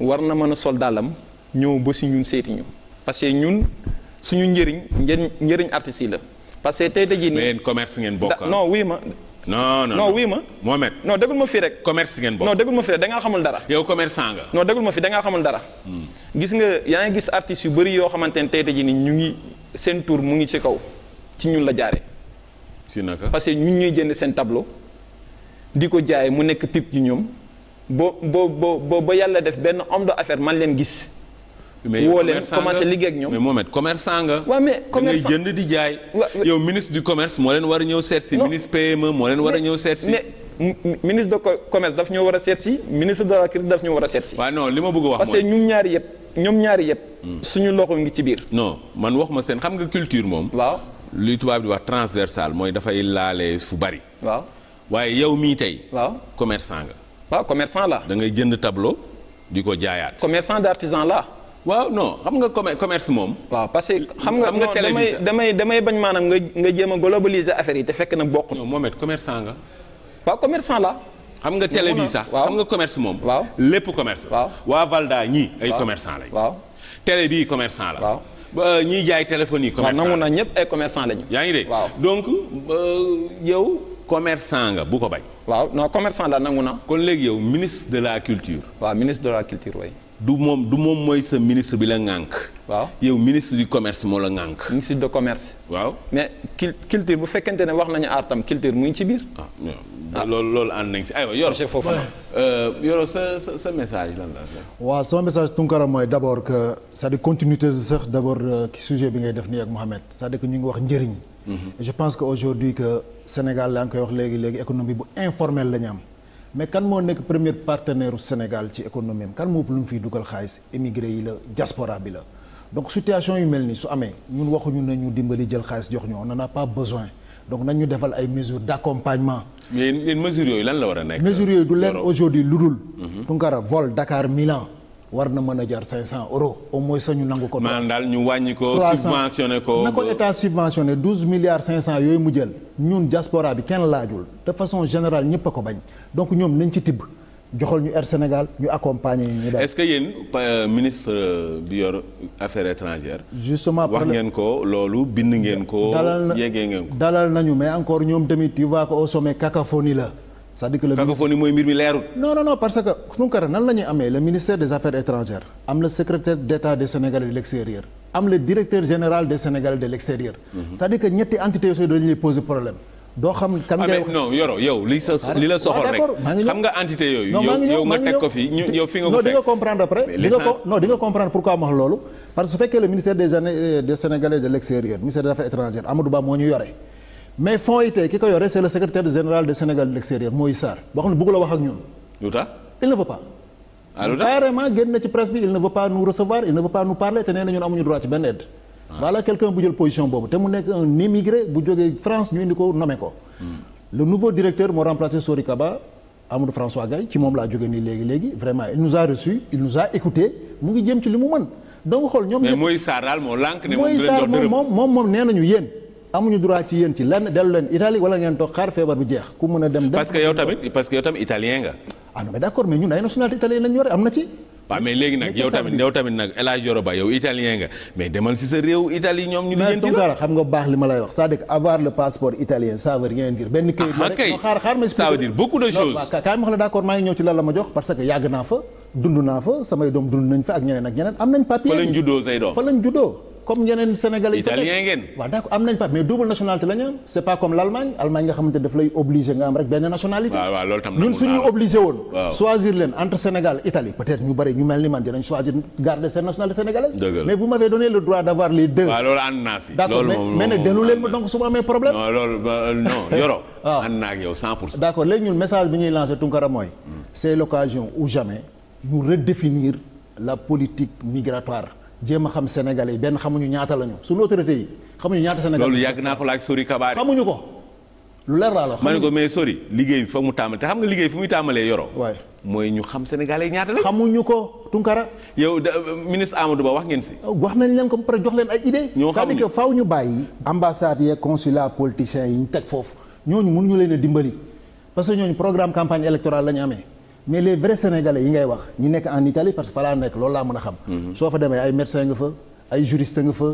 war na mën a sol dàllam ñëw ba si ñun seeti ñu. parce que ñun suñu njëriñ njëriñ njëriñ artistes yi la. parce que tey tey jii nii mais commerce ngeen bokk ah? non oui ma. non non non wuy ma. Mohamed non ma fii rek. commerce ngeen bokk non déglu ma fii rek da ngaa xamul dara. yow commerçant nga. non déglu ma fi da ngaa xamul dara. Hmm. gis nga yaa ngi gis artistes yu bëri yoo xamante ne tey jii ni ñu ngi seen tour mu ngi ci kaw ci ñun la jaare si naka parce que ñun ñuy jënd seen tablo di ko jaay mu nekk pipe ci ñoom bo bo ba ba yàlla def benn homme
affaire man leen gis. mais woo leen commencé liggéey ak ñoom mais Mohamed commerçant nga. waaw mais commerçant da ngay jënd di jaay. yow ministre du commerce moo leen war a ñëw seet si. ministre PME moo leen war a ñëw seet
si. ministre de commerce daf ñoo war a seet si ministre de la culture daf ñoo war a seet si. waaw non li ma bëgg wax mooy parce que ñun ñaari yëpp ñoom ñaari yëpp. Hmm. suñu loxo ngi
ci biir. non man wax ma seen xam nga culture moom. waaw luy tubaab di wax transversal mooy dafay laale fu bari. waaw waaye yow mii tey. waaw commerçant nga. waaw commerçant la. da ngay jënd tableau di ko jaayaat. commerçant d'artisan la. waaw non xam nga com commerce moom. waaw parce que xam nga non damay
damay damay bañ maanaam nga nga jéem a globaliser affaire yi te fekk na bokk. non Mohamed commerçant nga.
waaw commerçant la. xam nga télé bi sax xam nga commerce moom. waaw lépp commerce. waaw waa Valda ñii. ay commerçant lañ. waaw télé bii commerçant la. waaw ba ñiy jaay téléphone yi. commerçant waaw nangu na ñëpp ay commerçant lañu. yaa ngi dégg donc yow. commerçant nga bu ko bañ. waaw non commerçant la nangu na. kon léegi yow ministre de la culture. waaw ministre de la culture way du moom du moom mooy sa ministre bi la ŋànk. waaw yow ministre du commerce moo la ŋànk. ministre de
commerce. waaw mais culture bu fekkente ne wax nañu aar tam culture mu ngi ci biir.
ah
loolu loolu ànd nañ si aywa yor. chef foofu euh, yoroo sa sa sa message lan la.
waaw sama message Tunkara mooy d' que c'est-à-dire continuité sax d' abord euh, sujet bi ngay def nii ak Mohamed cest à que ñu ngi wax njëriñ. Mm-hmm. je pense que aujourd'hui que Sénégal laa ngi koy wax léegi léegi économie bu informel la ñu am. mais kan moo nekk première partenaire u Sénégal ci économie am kan moo ëpp lu mu fiy dugal xaalis émigré yi la diaspora bi la donc situation yu mel ni su amee ñun waxuñu ne ñu dimbali jël xaalis jox ñu on n'en a pas besoin donc nañ defal ay mesures d'accompagnement.
mais yéen mesures yooyu lan la war a nekk. mesures yooyu du leen aujourd'hui
lu dul. Mhm. Tunkara vol Dakar Milan. war na mën a jar 500 euros au moins sañu nangu ko. maanaam daal ñu wàññi ko subventionné ko. na ko état subventionné 12 milliards 500 yooyu mu jël ñun diaspora bi kenn laajul te façon général ñëpp a ko bañ donc ñoom nañ ci tibb joxal ñu Air Sénégal ñu accompagner ñu. daal
est-ce que yéen euh, ministre euh, bi yor affaires étrangères. justement wax ngeen ko loolu bind ngeen ko. dalal na yeggee ngeen ko.
dalal nañu mais encore ñoom tamit tu vois que au sommet la. sa à dire que le cacophonie mooy mbir mi leerul. non non non parce que Tounkara la ministère des affaires étrangères am le directeur général des Sénégalais de l'extérieur. Mhm. cest à que ñetti entités yooyu dañuy poser problème. doo xam kan ah, ngay
ah, entité yooyu. yow nga teg ko fi ñu yow fi nga ko fekk. non di nga
comprendre après di nga ko non di nga wax loolu. parce que su fekkee le ministère des euh, des de l'extérieur ministère des affaires étrangères Amadou Ba moo ñu yore mais fonds yi ki ko yore c' est le secrétaire général de Sénégal de l' extérieur Moïse boo xam ne bëggu wax ak ñun. lu tax il ne veut pas. ah génn na ci presse bi il ne veut pas nous recevoir il ne veut pas nous parler te nee na ñun amuñu droit ci benn aide. Ah. voilà quelqu'un bu jël position boobu te mu nekk un émigré bu jógee France ñu indi ko nommé ko. Hmm. le nouveau directeur moo remplacé Sori Kaba Amadou François Gaye ci moom laa jóge nii léegi léegi vraiment il nous a reçu il nous a ci li mu mën. donc xool ñoom. mais
Moïse Sarr daal moo lànk moom
moom moom nee nañu yéen amuñu droit ci yéen ci lenn dellu leen Italie wala ngeen toog xaar feebar bi jeex ku mën a dem. parce que
yow tamit parce que yow tamit italien nga.
Ah am na ci. baax li ma lay wax c'est-à-dire avoir le passeport italien ça veut d' ah, accord maa ngi ñëw ci lan la ma jox parce que yàgg naa fa dund naa fa samay doom dund nañ fa ak ñeneen ak ñeneen am nañ papier fa lañ juddoo comme yeneen sénégalais yi. italien ngeen waaw d'accord am nañ pas mais double nationalité la ñu am c'est pas comme l'Allemagne Allemagne nga xamante daf lay obligé nga am rek benn nationalité. waaw waaw loolu tam ñun suñu obligé woon. choisir leen entre Sénégal Italie peut-être ñu bari ñu mel ni man dinañ choisir garder seen nationalité sénégalaise. mais vous m'avez donné le droit d'avoir les deux. waaw
mais mais dellu leen donc su ma amee problème. non loolu euh, non Yoro. waaw
ah. jéem a xam sénégalais yi benn xamuñu ñaata lañu suñu autorité yi xamuñu ñaata sénégalais loolu
yàgg naa ko laaj Sori Kabari xamuñu
ko lu leer laa la ma ne ko
mais Sori liggéey bi mu tàmbale te xam nga liggéey fu muy tàmbalee yoroo waay mooy ñu xam sénégalais yi ñaata la xamuñu ko Tunkara yow ministre Amadou Ba wax ngeen si oh, wax nañ leen ko ba pare jox leen ay idée ñoo xam que
faaw ñu bàyyi ambassade yeeg consulat politiciens yi ñu teg foofu ñooñu mënuñu leen dimbali parce que ñooñu programme campagne électorale la ñu amee mais les vrais sénégalais yi ngay wax ñu nekk en Italie parce que fa laa nekk loolu laa mën a xam. Mhm. soo fa demee ay médecin nga fa ay juriste nga fa.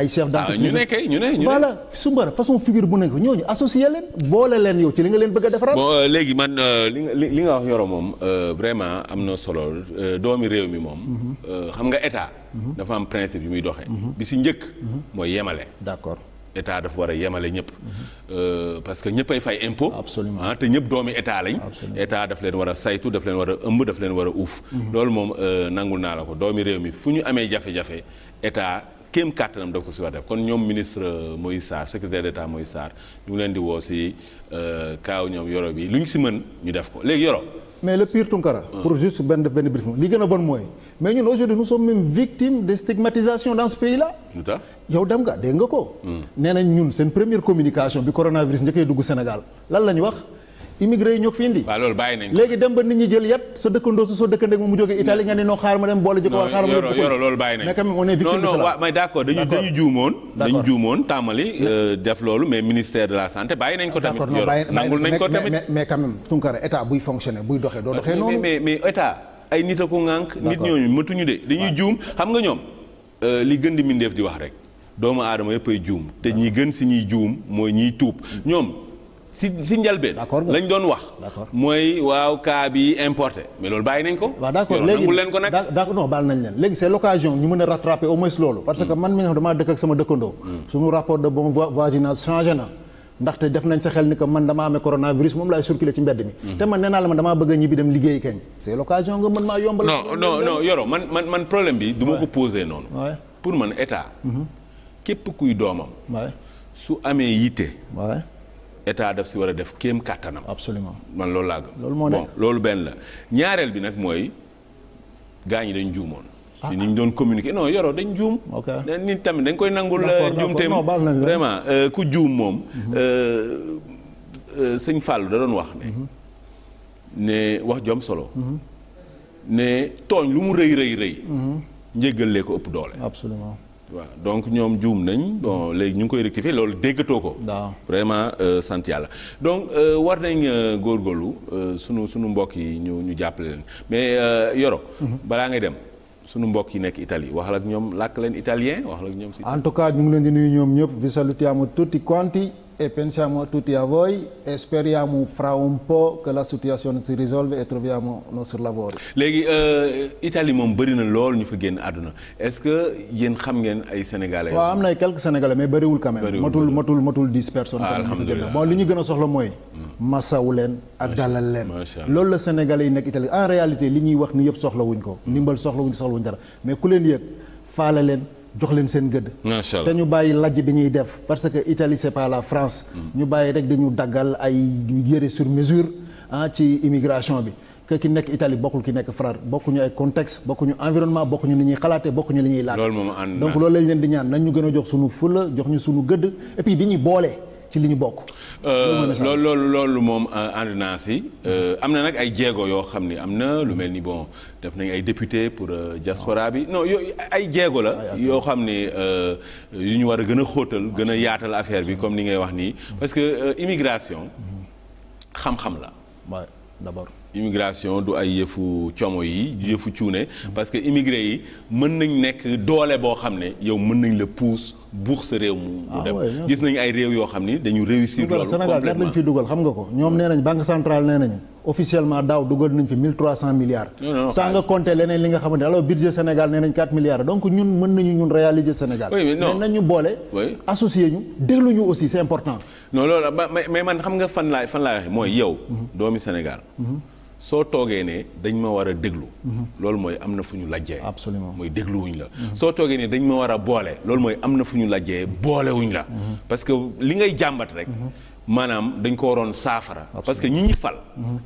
ay chef ah, d'entreprise ñu ne ñu ne ñu ne voilà Soumbara façon figure bu nekk ñooñu associé leen boole leen yow ci li nga leen bëgg a defaraat. bon euh,
léegi man euh, li nga li nga wax yoro moom euh, vraiment am na solo doomi réew mi moom. Mhm. xam nga état. Mhm. dafa am principe yu muy doxee. bi si njëkk. mooy yemale. d'accord. état dafa war a yemale ñëpp mhm. euh, parce que ñëpp ay fay impôt ah te ñëpp doomi état lañ état daf leen war a saytu daf leen war a ëmb daf leen war a uuf mhm. loolu moom euh, nangul naa la ko doomi réew mi fu ñu amee jafe-jafe état kéem kàttanam daf ko si war def kon ñoom ministre euh, Moïse Sarr secrétaire d'état Moïse Sarr ñu ngi leen di woo si kaaw ñoom yoro bi lu ñu si mën ñu def ko léegi yoro
mais le pire Tunkara. Ah. pour juste benn benn brief li gën a bon mooy. mais ñun aujourd'hui nous sommes même victimes de stigmatisation dans ce pays la yow dem nga dégg nga ko. Hmm. nee nañ ñun seen première communication bi coronavirus njëkkee dugg Sénégal lan la ñu wax. immigré yi ñoo ko fi indi. waaw loolu bàyyi nañ ko léegi dem ba nit ñi jël yat sa dëkkandoo sa soo dëkkandoo moom mu jógee Italie mm. nga ne non xaar ma dem boole jikko xaar ma dem yoro loolu bàyyi nañ mais quand même on est victime loolu
mais ministère de la santé bàyyi nañ ko tamit nangul nañ ko tamit
mais quand même Tounkara état buy fonctionner buy doxee doo doxee noonu
mais mais état
ay nit a ko ŋànk nit ñooñu mëtuñu
de dañuy juum xam nga ñoom euh, li gën di mindeef di wax rek doomu aadama yëpp ay juum te ñi gën si ñuy juum mooy ñiy tuub ñoom si si njëlbeen. lañ doon wax. mooy waaw cas bi importé mais loolu bàyyi nañ ko. waaw d' accord léegi ko
nag d' accord leen léegi c' est ñu mën a rattraper au moins loolu. parce que mm. man mi nga damaa dëkk ak sama dëkkandoo. Mm. suñu rapport de bon voisinage changé na. ndaxte def nañ sa xel ni que man damaa amee coronavirus moom laay circulé ci mbedd mi. Mm. te man nee la man damaa bëgg a ñibbi dem liggéey kañ. c' est l' occasion nga mën maa yombal. non non non Yoro
man man problème bi. du ma ko posé noonu. pour état daf si war a def kéem kàttanam. absolument man loolu laa gëm. loolu moo bon loolu benn la ñaareel bi nag mooy gaa ñi dañ juumoon. Ah, ah ni ñu doon communiquer non yoroo dañ juum. ok nit tamit dañ koy nangul. Euh, njuumteem vraiment euh, ku juum moom. Mhm. Euh, sëñ Fallou da doon wax ne. Mhm. ne wax jom solo. Mhm. ne tooñ lu mu rëy rëy rëy. njéggal lee ko ëpp doole. absolument. waaw donc ñoom juum nañ bon mm. léegi ñu ngi koy rectifier loolu déggatoo ko. vraiment euh, sant yàlla donc euh, war nañ euh, góorgóorlu sunu sunu mbokk yi ñu ñu jàppale leen mais Yoro. Mm-hmm. balaa ngay dem. sunu mbokk yi nekk Italie waxal ak ñoom làkk leen italien wax ak ñoom si.
en tout cas ñu ngi leen di nuyu ñoom ñëpp vi salutiamo tutti quanti. e pensiamo tutti a voi e speriamo fra un po' che la situazione si risolve e troviamo i nostri lavori.
léegi eh, Italie moom bëri na lool ñu fa génn àdduna est-ce que yéen xam ngeen ay sénégalais. waaw
am na ay quelques sénégalais mais bëriwul quand même. matul matul matul dix personnes. alhamdulilah bon li ñu gën a soxla mooy. Mm. masawu leen a dalal leen. loolu la sénégalais yi nekk Italie en réalité li ñuy wax ni yëpp soxlawuñ ko. ndimbal soxlawuñ soxlawuñ dara mais ku leen yëg leen. jox leen seen gëdd. macha allah te ñu bàyyi lajj bi ñuy def parce que Italie c'est pas la France. ñu bàyyi rek dañu daggal ay yére sur mesure ah ci immigration bi. que ki nekk Italie bokkul ki nekk France bokkuñu ay contexte ñu environnement bokkuñu li ñuy xalaatee bokkuñu li ñuy laaj. loolu moom ànd donc loolu lañ leen di ñaan nañu gën a jox suñu fulla jox ñu suñu gëdd et di ñu boole. ci li ñu bokk.
Euh, loolu loolu moom euh, ànd yi si. Euh, am na nag ay jéego yoo xam ni am na lu mel ni bon def nañ ay député pour diaspora bi no yooyu ay jéego la. yoo xam ni yu ñu war a gën a xóotal gën a yaatal affaire bi comme ni ngay wax nii. parce que immigration. xam-xam la. waaw d'abord. immigration du ay yëfu como yi yëfu cuune. parce que immigré yi mën nañ nekk doole boo xam ne yow mën nañ la pousse. buux sa réew mu ah dem gis nañu ay réew yoo xam ni dañu réussir loolu Sénégal ñaata lañ fi
dugal xam nga ko ñoom nee nañ banque centrale nee nañu officiellement daaw dugal nañ fi mille trois cent milliards sans nga compter leneen li nga xamante alors budget Sénégal nee nañ quatre milliards donc ñun mën nañu ñun réaliser Sénégal mais nañu boole associé ñu déglu ñu aussi c'est important
non loolu mais man xam nga fan laay fan laay waxe mooy yow mhm. doomi Sénégal mhm. soo toogee ne dañ ma war a déglu. loolu mooy am na fu ñu lajjee. absolument mooy dégluwuñ la. soo toogee ne dañ ma war a boole. loolu mooy am na fu ñu lajjee boolewuñ la. parce que li ngay jàmbat rek. maanaam dañ ko waroon saafara. parce que ñi ñi fal.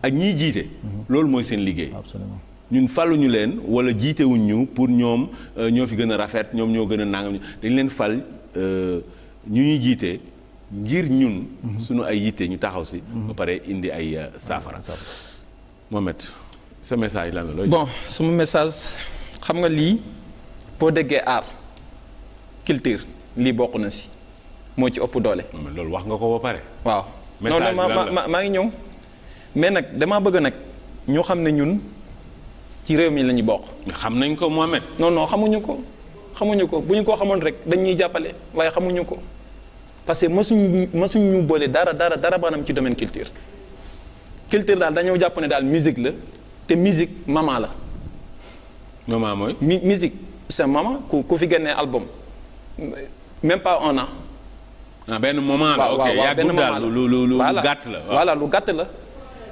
ak ñiy jiite. loolu mooy seen liggéey. absolument ñun faluñu leen wala jiitewuñ ñu pour ñoom euh, ñoo fi gën a rafet ñoom ñoo gën a nangam dañ leen fal euh, ñu ñuy jiite. ngir ñun. Mhm. suñu ay yiite ñu taxaw si. ba mhm. pare indi ay euh, saafara. Mohamed sa message lan la looy. bon suma message xam nga
lii boo déggee art culture lii bokk na si moo ci ëpp doole. loolu wax nga ko ba pare. waaw non non maa ngi ñëw. mais nag damaa bëgg nag ñu xam ne ñun ci réew mi la ñu bokk. xam nañ ko Mohamed. non non xamuñu ko xamuñu ko bu ñu ko xamoon rek dañ ñuy jàppale waaye xamuñu ko parce que mësuñu mësuñu ñu boole dara dara dara maanaam ci domaine culture. culture daal dañoo jàpp ne daal musique la te musique maman la. maman mooy. mi musique c'est maman ku ku fi génnee album même pas un an. Ah, benn moment la ok yàggul daal lu lu lu gàtt la. voilà lu gàtt la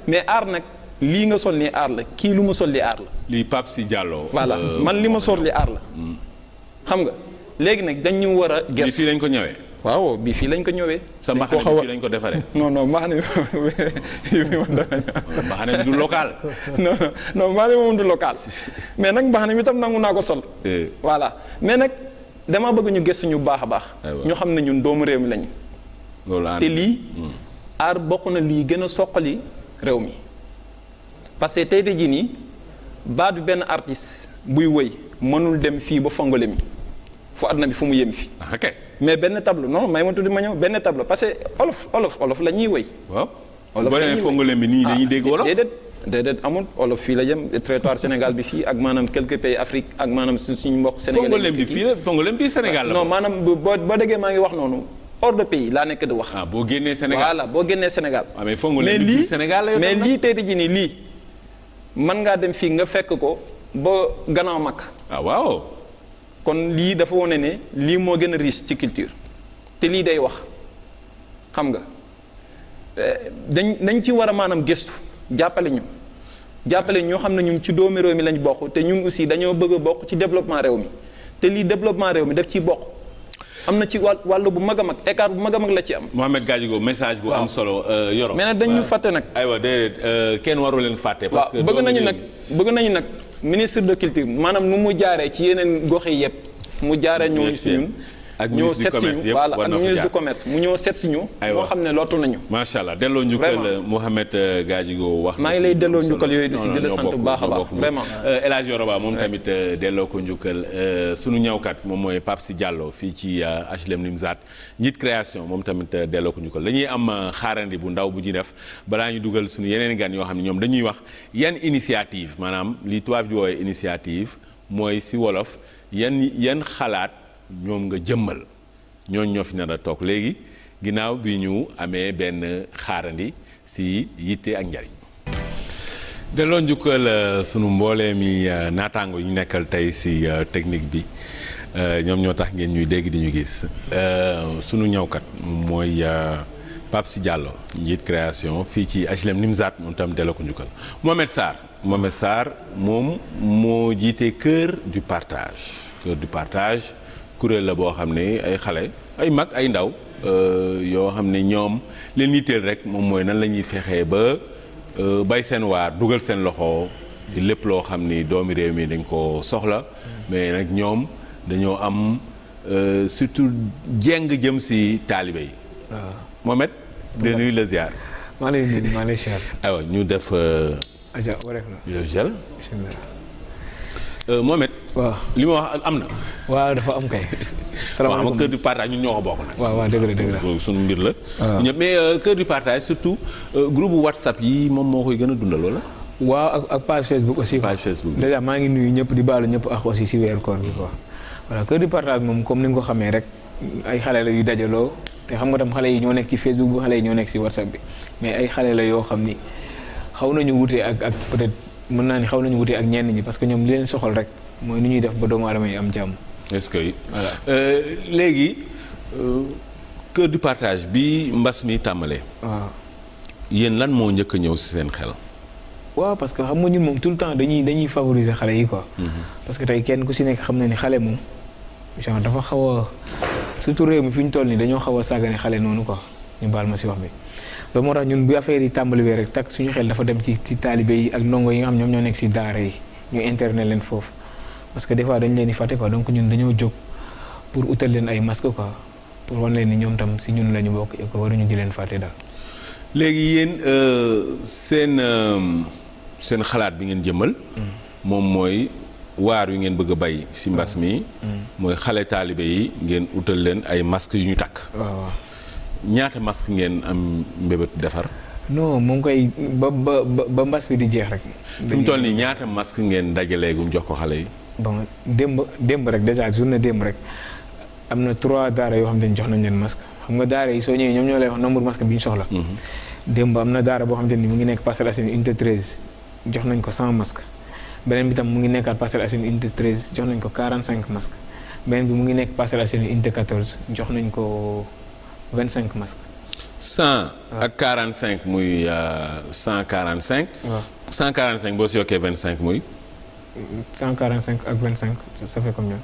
mais aar nag lii nga sol ni aar la kii lu ma sol li aar la. lii Pape Si Diallo. voilà euh, man li ma sol li aar la. Mm. xam nga léegi nag dañ ñu war a. gerte fii lañ ko ñëwee. waaw bii
fii lañ ko ñëwee. sa mbaxane bi fii lañ ko defaree.
non non mbaxane bi bi man dama ñëw.
mbaxane bi du local.
non non mbaxane moom du mais nag mbaxane mi tam nangu naa ko sol. Eh. voilà mais nag dama bëgg ñu gëstu ñu baax a baax. ñu xam ne ñun doomu réew mi lañu. loolu te lii. Hmm. aar bokk na lii gën a soqali réew mi. parce que tey de jii nii baatu benn artiste buy woy mënul dem fii ba fongole mi fu àdduna bi fu mu yem fi. Ah, mais benn tableau non may ma tudd ma ñëw benn tableau parce que olof olof olof la ñuy wëy. waaw olof la ñuy wëy bi nii ah, dañuy dégg olof déedéet déedéet amul olof fii la jëm territoire Sénégal bi fii ak maanaam quelques pays Afrique ak maanaam suñu mbokk. Sénégalais bi fii fongolem bi Sénégal la. non maanaam boo boo déggee maa ngi wax noonu. hors de pays laa nekk di wax. ah boo génnee Sénégal voilà boo génnee Sénégal. Ah, mais mais lii mais lii tey jii nii lii mën ngaa dem fii nga fekk ko ba gannaaw mag. ah waaw. kon lii dafa wane ne lii moo gën a riis ci culture te lii day wax xam nga eh, dañ dañ ci war a maanaam gëstu jàppale ñu jàppale ñoo xam ne ñun ci doomi réew mi lañ bokk te ñun aussi dañoo bëgg a bokk ci développement réew mi te lii développement réew mi def ciy bokk am na ci wàll wàll bu mag a mag écart
bu mag a mag la ci am. Mohamed Gadjigo message bu am solo. Euh, yoro mais nag fàtte nag. aywa déedéet euh, kenn waru leen fàtte. parce que bëgg nañu nag bëgg nañu nag. ministre
de culture maanaam nu mu jaaree ci yeneen gox yi yëpp mu jaaree ñoo si ñun ak ministre du commerce yëpp voilà commerce mu ñëw seet si ñu.
aywa moo xam ne lottu nañu. macha allah delloo njukkal euh, Mouhamed euh, Gadjigo wax. maa ngi lay delloo njukkal yooyu aussi di la sant bu baax a baax vraiment. Euh, El Hadj moom tamit delloo ko njukkal sunu ñawkat moom mooy Pape Si Diallo fii ci HLM Nimzat njiit création moom tamit delloo ko njukkal dañuy am xaarandi bu ndaw bu ñu def balaa ñu dugal sunu yeneen gan yoo xam ne ñoom dañuy wax yan initiative maanaam li tubaab di woowee initiative mooy si wolof yan yan xalaat. ñoom nga jëmmal ñooñ ñoo fi nar toog léegi ginnaaw bi ñu amee benn xaarandi si yitte ak njariñ delloo njukkal euh, sunu mboolee mi euh, naataango ñu nekkal tey si euh, technique bi ñoom ñoo tax ngeen ñuy dégg di ñu gis sunu ñëwkat mooy Pape Si jàlloo njiit création fii ci HLM Nimzaat moom tam delloo ko njukkal Mohamed Sarr moom moo jiite cœur du partage cœur du partage kuréel la boo xam ne ay xale ay mag ay ndaw euh, yoo xam ne ñoom leen yitteel rek moom mooy nan la ñuy fexee ba euh, bay seen waar dugal seen loxo ci lépp loo xam ni doomi réew mi dañ ko soxla mais nag ñoom dañoo am euh, surtout jeng jëm si taalibe yi ah. Mohamed dañuy la ziar maa ñu def gel waaw
li ma wax am na. waaw dafa am kay. salaamaaleykum waaw kër du partage ñu ñoo ko bokk nag. waaw waaw dëgg la dëgg la suñu mbir la.
ñëpp mais euh, kër du partage surtout euh, groupe WhatsApp yi moom moo koy gën
a dundal loola. waaw ak ak page Facebook aussi. page Facebook déjà maa ngi nuyu ñëpp di baalu ñëpp ak aussi si koor bi quoi. kër du moom comme ni nga ko xamee rek ay xale la yu dajaloo te xam nga tam xale yi ñoo nekk ci Facebook bi xale yi ñoo nekk si WhatsApp bi mais ay xale la yoo xam ni xaw nañu wutee ak ak peut-être xaw nañu wutee ak ñenn ñi parce que ñoom leen soxal rek mooy nu ñuy def ba doomu aadama yi am jàmm.
est-ce euh, léegi euh, cœur du partage bi mbas mi tàmbalee.
waaw ah. yéen lan moo njëkk ñëw si seen xel. waaw parce que xam na ñun moom tout le temps dañuy dañuy favoriser xale yi quoi. Mhm. parce que tey kenn ku si nekk xam na ni xale moom genre dafa xaw a surtout réew mi fi ñu toll nii dañoo xaw a sàggane xale noonu ko ñu baal ma si wax bi. ba moo tax ñun bu affaire yi tàmbaliwee rek takk suñu xel dafa dem ci ci taalibe yi ak ndongo yi nga xam ñoom ñoo nekk ci daara yi ñu internet leen foofu. parce que des fois dañ leen di fàtte quoi donc ñun dañoo jóg pour utal leen ay masque quoi pour wan leen ni ñoom tam si ñun la ñu bokk et que waruñu di leen fàtte daal.
léegi yéen euh, seen euh, seen xalaat bi ngeen jëmmal. Mm. moom mooy waar yu ngeen bëgg a bay si mbas mm. mi. Mm. mooy xale taalibe yi ngeen utal leen ay masques yu ñu takk. ñaata masque ngeen am mbébét defar.
non mu ngi koy ba ba ba mbas bi di jeex rek. fi mu
toll nii ñaata masque ngeen dajaleegum jox ko xale yi.
bon démb démb rek déjà journée démb rek am na trois daara yoo xam te ni jox nañ leen masque xam nga daara yi soo ñëwee ñoom ñoo lay wax nombre masque bi ñu soxla. Mhm. démb am na daara boo xam te ni mu ngi nekk Parcelles Assainies unité 13 jox nañ ko 100 masques beneen bi mu ngi nekkaat Parcelles Assainies unité 13 jox nañ ko 45 masques beneen bi mu ngi nekk Parcelles Assainies unité 14 jox nañ ko 25 masques.
100 ak 45 muy 145. Euh, waaw 145 boo si yokkee 25 muy.
cent quarante cinq ak vingt cinq ça fait combien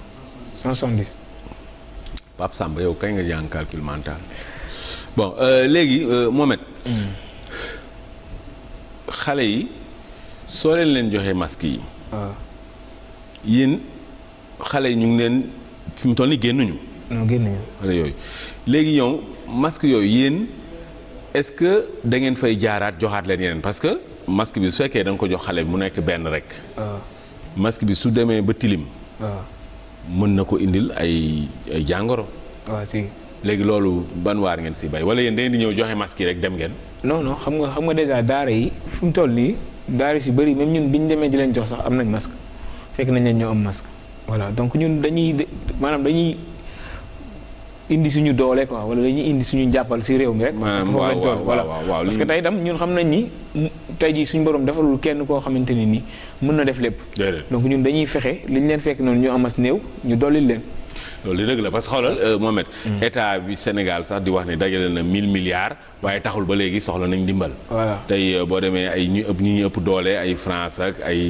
cent soixante dix.
Pape Samba yow kay nga jàng calcul mental bon euh, léegi euh, Mohamed. xale yi soo leen leen joxee masque yi. waaw yéen xale yi ñu ngi leen fi mu toll nii génnuñu. non génnuñu. xale yooyu léegi ñoom masque yooyu yéen est-ce que da ngeen fay jaaraat joxaat leen yeneen parce que masque bi su fekkee danga ko jox xale bi mu nekk benn rek. Ah. masque bi su demee ba tilim. Ah. mën na ko indil ay jàngoro. waa ah, si. léegi loolu ban waar ngeen si bay wala yéen dañu di ñëw joxe masque yi rek dem ngeen.
non xam nga xam nga dèjà daara yi fu mu toll nii daara yu si bëri même ñun bi ñu demee di leen jox sax am nañ masque fekk nañ leen ñoo am masque. voilà donc ñun dañuy maanaam dañuy indi suñu doolee quoi wala dañuy indi suñu njàppal si réew mi rek. foofu lañ parce que tey itam ñun xam nañ ni tey jii suñu boroom defalul kenn koo xamante ne ni mën na def lépp. donc ñun dañuy fexe li ñu leen fekk noonu ñu amas néew ñu dolli leen.
loolu dëgg la parce que xoolal euh, Mohamed. Mm. état bi Sénégal sax di wax ne dajale na 1000 milliards waaye taxul ba léegi soxla nañ ndimbal. tey euh, boo demee ay ñu ëpp ñu ñu ëpp doole ay France ak ay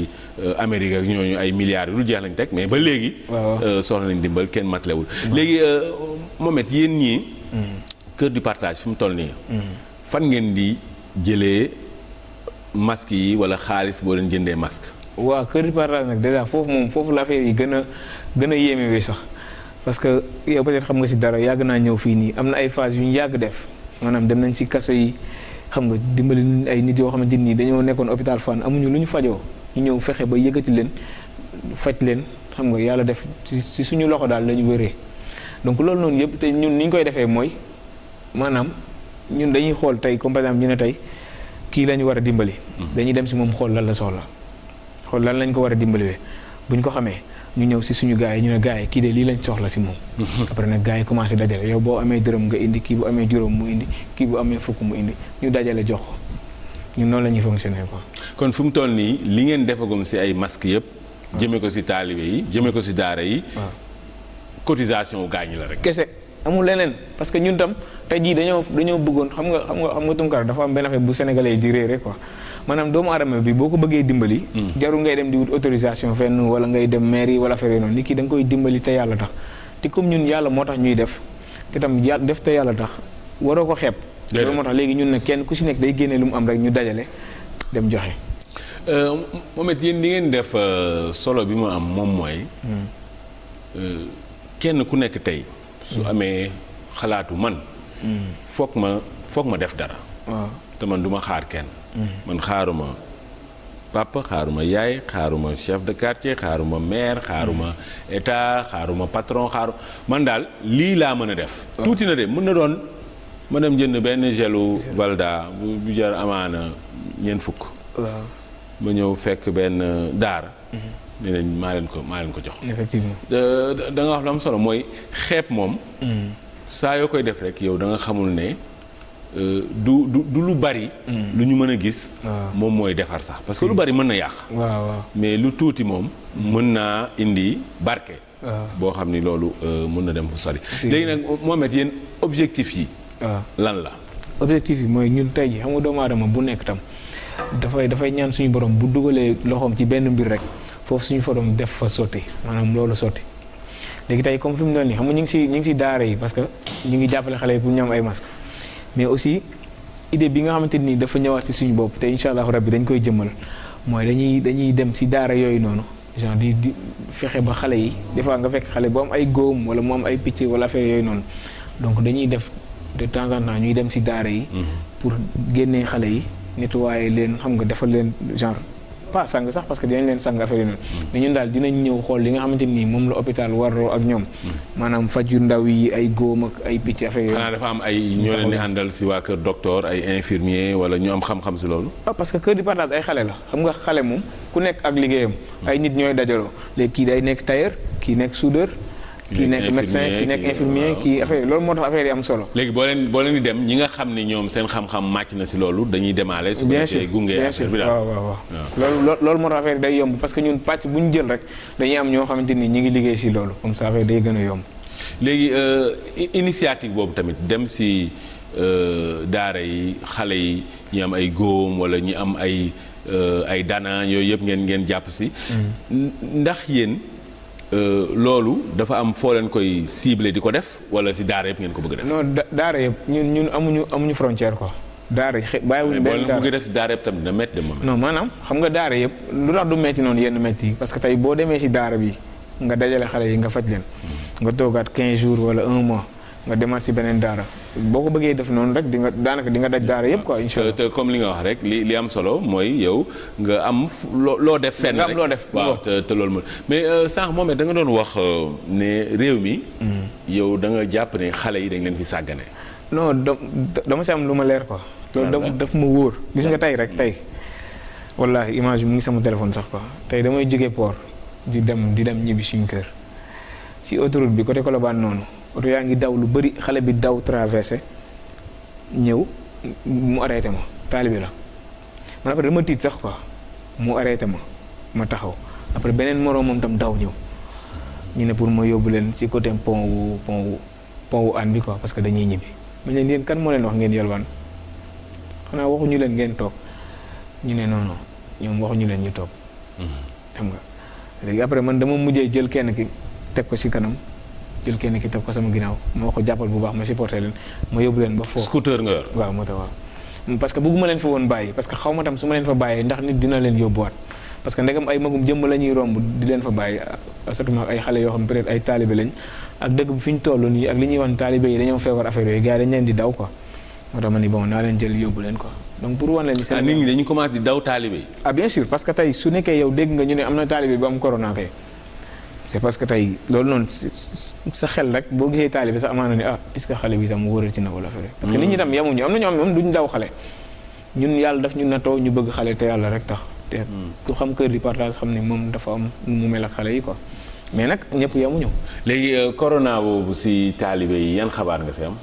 euh, Amérique ak ñooñu ay milliards yu dul jeex lañ teg mais ba léegi. soxla nañ ndimbal kenn matlewul mm. léegi Mohamed yéen ñii. cœur hmm. du partage fi mu toll nii. Hmm. fan ngeen di jëlee masque yi wala xaalis boo leen jëndee masque.
waaw cœur du partage nag déjà foofu moom foofu l'affaire yi gën a gën a yéeme wi sax parce que yow peut-être xam nga si dara yàgg naa ñëw fii nii am na ay phase yu ñu yàgg def maanaam dem nañ si kaso yi xam nga dimbali ay nit yoo xam ne xamante nii dañoo nekkoon hôpital Fann amuñu lu ñu fajoo ñu ñëw fexe ba yëggati leen faj leen xam nga yàlla def ci suñu loxo daal la ñu wéree. donc loolu noonu yëpp te ñun ni ñu koy defee mooy maanaam ñun dañuy xool tey comme par ñu ne tey kii la war a dimbali. Hmm. dañuy dem si moom xool lan la soxla xool lan lañ ko war a dimbaliwee bu ñu ko xamee ñu ñëw si suñu gars yi ñu ne gars yi kii de lii lañ soxla si moom. Hmm. après nag gars yi commencé dajale yow boo amee dërëm nga indi kii bu amee juróom mu indi kii bu amee fukk mu indi ñu dajale jox ko ñun noonu la ñuy fonctionner quoi.
kon fu mu toll nii li ngeen defagum si ay masques yëpp. jëmee ko si taalibe yi jëmee ko si daara
yi. cotisation wu gaañ la rek. kese amul leneen parce que ñun tam tey jii dañoo dañoo bëggoon xam nga xam nga xam nga Tunkara dafa am benn affaire bu sénégalais di réere quoi maanaam doomu aadama bi boo ko bëggee dimbali. Hmm. jarul ngay dem di wut autorisation fenn wala ngay dem mairie wala feneen noonu nit ki da nga koy dimbali te yàlla tax te comme ñun yàlla moo tax ñuy def te tam yàlla def te yàlla tax waroo ko xeeb. loolu moo tax léegi ñun ne kenn ku si nekk day génne lu mu am rek ñu dajale dem joxe.
Euh, moom it yéen li ngeen def euh, solo bi mu am moom mooy. Hmm. Euh, kenn ku nekk tey su amee xalaatu man foog ma foog ma def dara te man duma xaar kenn mm-hmm. man xaaruma papa xaaruma yaay xaaruma chef de quartier xaaruma maire xaaruma mm-hmm. état xaaruma patron xaaru man daal lii laa mën a def oh. tuuti na de mën na doon ma dem jënd benn gelu valda bu jar amaana ñeent fukk ma ñëw fekk benn daara mm-hmm. ne leen maa leen ko maa leen ko jox. effectivement da nga wax lu am solo mooy xeeb moom. Mm. saa yoo koy def rek yow danga xamul ne euh, du du lu bari. Mm. lu ñu mën a gis. Ah. moom mooy defar sax parce que lu bari mën na yàq. waaw waaw mais lu tuuti moom. mën naa indi barke. Ah. boo xam ni loolu euh, mën na dem fu soli léegi nag Mohamed yéen objectif yi.
Ah. lan la. objectif yi mooy ñun tey ji xam nga doomu aadama bu nekk tam dafay dafay ñaan suñu borom bu dugalee loxoom ci benn mbir rek. foofu suñu forom def fa sotti maanaam loolu sotti léegi tey comme fi mu doon nii xam nga ñu ngi si ñu ngi si daara yi parce que ñu ngi jàppale xale yi pour ñu am ay masque mais aussi idée bi nga xamante nii dafa ñëwaat si suñu bopp te incha allahu rabbi dañ koy jëmmal mooy dañuy dañuy dem si daara yooyu noonu genre di di fexe ba xale yi des fois nga fekk xale bu am ay góom wala mu am ay picc wala affaire yooyu noonu donc dañuy def de temps en temps ñuy dem si daara yi. Mhm. pour génnee xale yi nettoyer leen xam nga defal leen genre. pas sang sax parce que dinañ leen sang affaire yi noonu mais ñun daal dinañ ñëw xool li nga xamante nii moom la hôpital waroo ak ñoom maanaam faju ndaw yi ay góom ak ay picc affaire yooyu xanaa dafa
am ay ñoo leen di àndal si waa kër docteur ay infirmier wala ñu am xam-xam si loolu
ah que kër di partage ay xale la xam nga xale moom ku nekk ak liggéeyam ay nit ñooy dajaloo léegi kii day nekk tailleur kii nekk soudeur kii nekk médecin kii nekk infirmier kii affaire loolu moo tax affaire yi am solo. léegi boo leen
boo di dem ñi nga xam ne ñoom seen xam-xam màcc na si loolu dañuy demaale. su ko defee gunge affaire bi daal
waaw waaw day yomb parce que ñun pàcc bu jël rek dañuy am ñoo xamante ni ñi ngi liggéey si loolu comme ça affaire day gën a yomb.
léegi euh, initiative boobu tamit dem si euh, daara yi xale yi ñu am ay góom walla ñu am ay euh, ay dana yooyu yëpp ngeen ngeen jàpp si.
Mm-hmm.
ndax yéen. Euh, loolu dafa am foo leen koy ciblé di ko def wala si daara yëpp ngeen ko bëgg def.
non daara yëpp ñun ñun amuñu amuñu frontière ko daara xe bàyyiwuñu benn daara mais
def si daara yëpp tamit dina métti
xam nga daara yëpp lu tax du métti noonu yenn yi parce que tey boo demee si daara bi nga dajale xale yi nga faj leen. Hmm. nga toogaat 15 jours wala un mois nga demaat si beneen daara. boo ko bëggee def noonu rek di nga daanaka di nga daj daara yëpp ko
incha allah te comme li nga wax rek li am solo mooy yow nga am loo def fenn rek loo def waaw te loolu ma mais euh, sànq moom da nga doon wax euh, ne réew mi hmm. yow da nga jàpp ne xale yi dañ leen fi sàggane
no da dama si am lu ma leer ko loolu ah, daf daf ma wóor gis nga ah. tey rek tey wallahi image bi mu ngi sama téléphone sax quoi tey damay jóge port di dem di dem ñibbi suñ kër si autoroute bi côté Colobane noonu oto yaa ngi daw lu bëri xale bi daw traversé ñëw mu arrêté ma taalibi la man après dama tiit sax quoi mu arrêté ma ma taxaw après beneen moroomam tam daw ñëw ñu ne pour ma yóbbu leen ci côté pont wu pont wu pont wu ànd bi quoi parce que dañuy ñibbi ma ne leen kan moo leen wax ngeen yalwaan xanaa waxuñu leen ngeen toog ñu ne noonu ñoom waxuñu leen ñu toog. Mm-hmm. xam nga léegi après man dama mujjee jël kenn ki teg ko ci kanam jël kenn ki ko sama ginnaaw moo ko jàppal bu baax ma supporté leen ma yóbbu leen ba foofu. scooter nga yor waaw moo tax waaw. parce bëgguma leen fa woon bàyyi parce xale yoo xam peut ay taalibe lañ ak dëgg bi fi ñu toll nii ak li ñuy wax taalibe yi dañoo feebar affaire yooyu gars yi dañ leen di daw quoi moo tax ma ni bon naa leen jël yóbbu leen quoi donc pour wan leen seen ah, di daw taalibe yi ah bien sûr parce tey su nekkee yow dégg nga c'est parce que tey loolu noonu sa xel rek boo gisee taalibe sax amaana ni ah est-ce que xale bi itam wóorati na wala fële parce que nit ñi tam yemuñu am na ñoo xam daw xale ñun yàlla daf ñu natoo ñu bëgg xale te yàlla rek tax te ku xam kër di partage xam ne moom dafa am nu mu mel ak xale yi ko mais nag
ñëpp yamuñu léegi euh, corona boobu si taalibe yi yan xabaar nga si am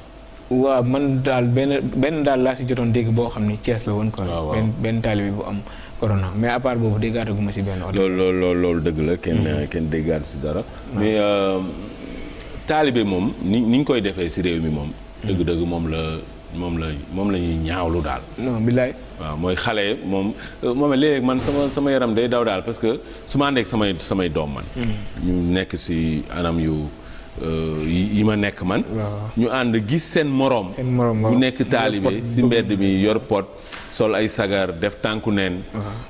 waaw man daal benn benn daal laa si jotoon dégg boo xam ni Thiès la woon ko ah, benn benn taalibe bu am corona mais à part boobu déggaatagu ma si benn oto. loolu loolu loolu dëgg la. kenn mm-hmm. kenn déggaatu si dara.
mais euh, taalibe moom ni ni ñu koy defee si réew mi moom. Mm-hmm. dëgg-dëgg moom la moom la moom la ñuy ñaawlu daal. non waaw mooy xale moom euh, moom léeg man sama sama yaram day daw daal parce que su ma àndeek samay samay doom man. Mm-hmm. ñu nekk si anam yu. Euh, yi ma nekk man. ñu ànd gis seen moroom. seen moroom bu nekk taalibe si mbedd mi yor pot sol ay sagar def tànku neen.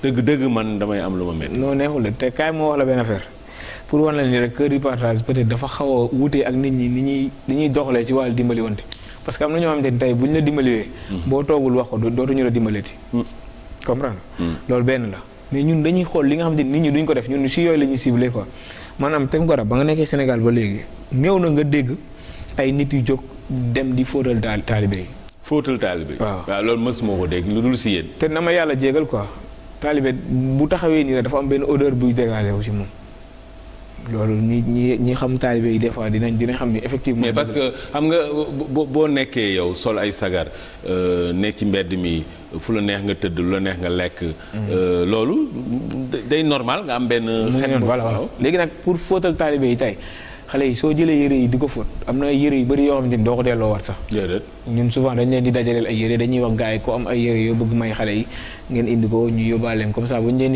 dëgg dëgg man damay am lu ma mel. non neexul de te kaay moo wax la benn affaire pour wan la ni rek peut-être dafa xaw a ak nit ñi ni ñuy ni ñuy doxalee ci wàllu dimbali wante parce que am na ñoo xamante ni tey bu ñu la dimbaliwee. Hmm. boo toogul wax ko dootuñu la dimbaleeti. Hmm. comprendre hmm. loolu benn la mais ñun dañuy xool li nga xam ni nit ñi duñ ko def ñun si yooy la ñuy ciblé quoi. maanaam tem gora ba nga nekkee Sénégal ba léegi néew na nga dégg ay nit yu jóg dem di fóotal daal taalibe yi. fóotal taalibe yi. waaw waaw loolu mës moo ko dégg lu dul si yéen. te na ma yàlla jégal quoi taalibe bu taxawee nii rek dafa am benn odeur buy dégager wu si moom. loolu ñi ñi ñi xam taalibe yi des fois dinañ dinañ xam ni effectivement. mais parce
que xam nga boo boo nekkee yow sol ay sagar euh, ne ci mbedd mi fu la neex nga tëdd lu la neex nga lekk. Mm. Euh, loolu day normal nga am benn. xeet voilà
léegi nag pour fóotal taalibe yi tey. xale yi soo jëlee yére yi di ko fóot am na ay yére yu bëri yoo xamante ni doo ko delloo war sax ñun souvent dañ leen di dajaleel ay yére dañuy wax gars yi ko am ay yére yoo bëgg may xale yi ngeen indi ko ñu yóbbaale leen comme ça bu ñu leen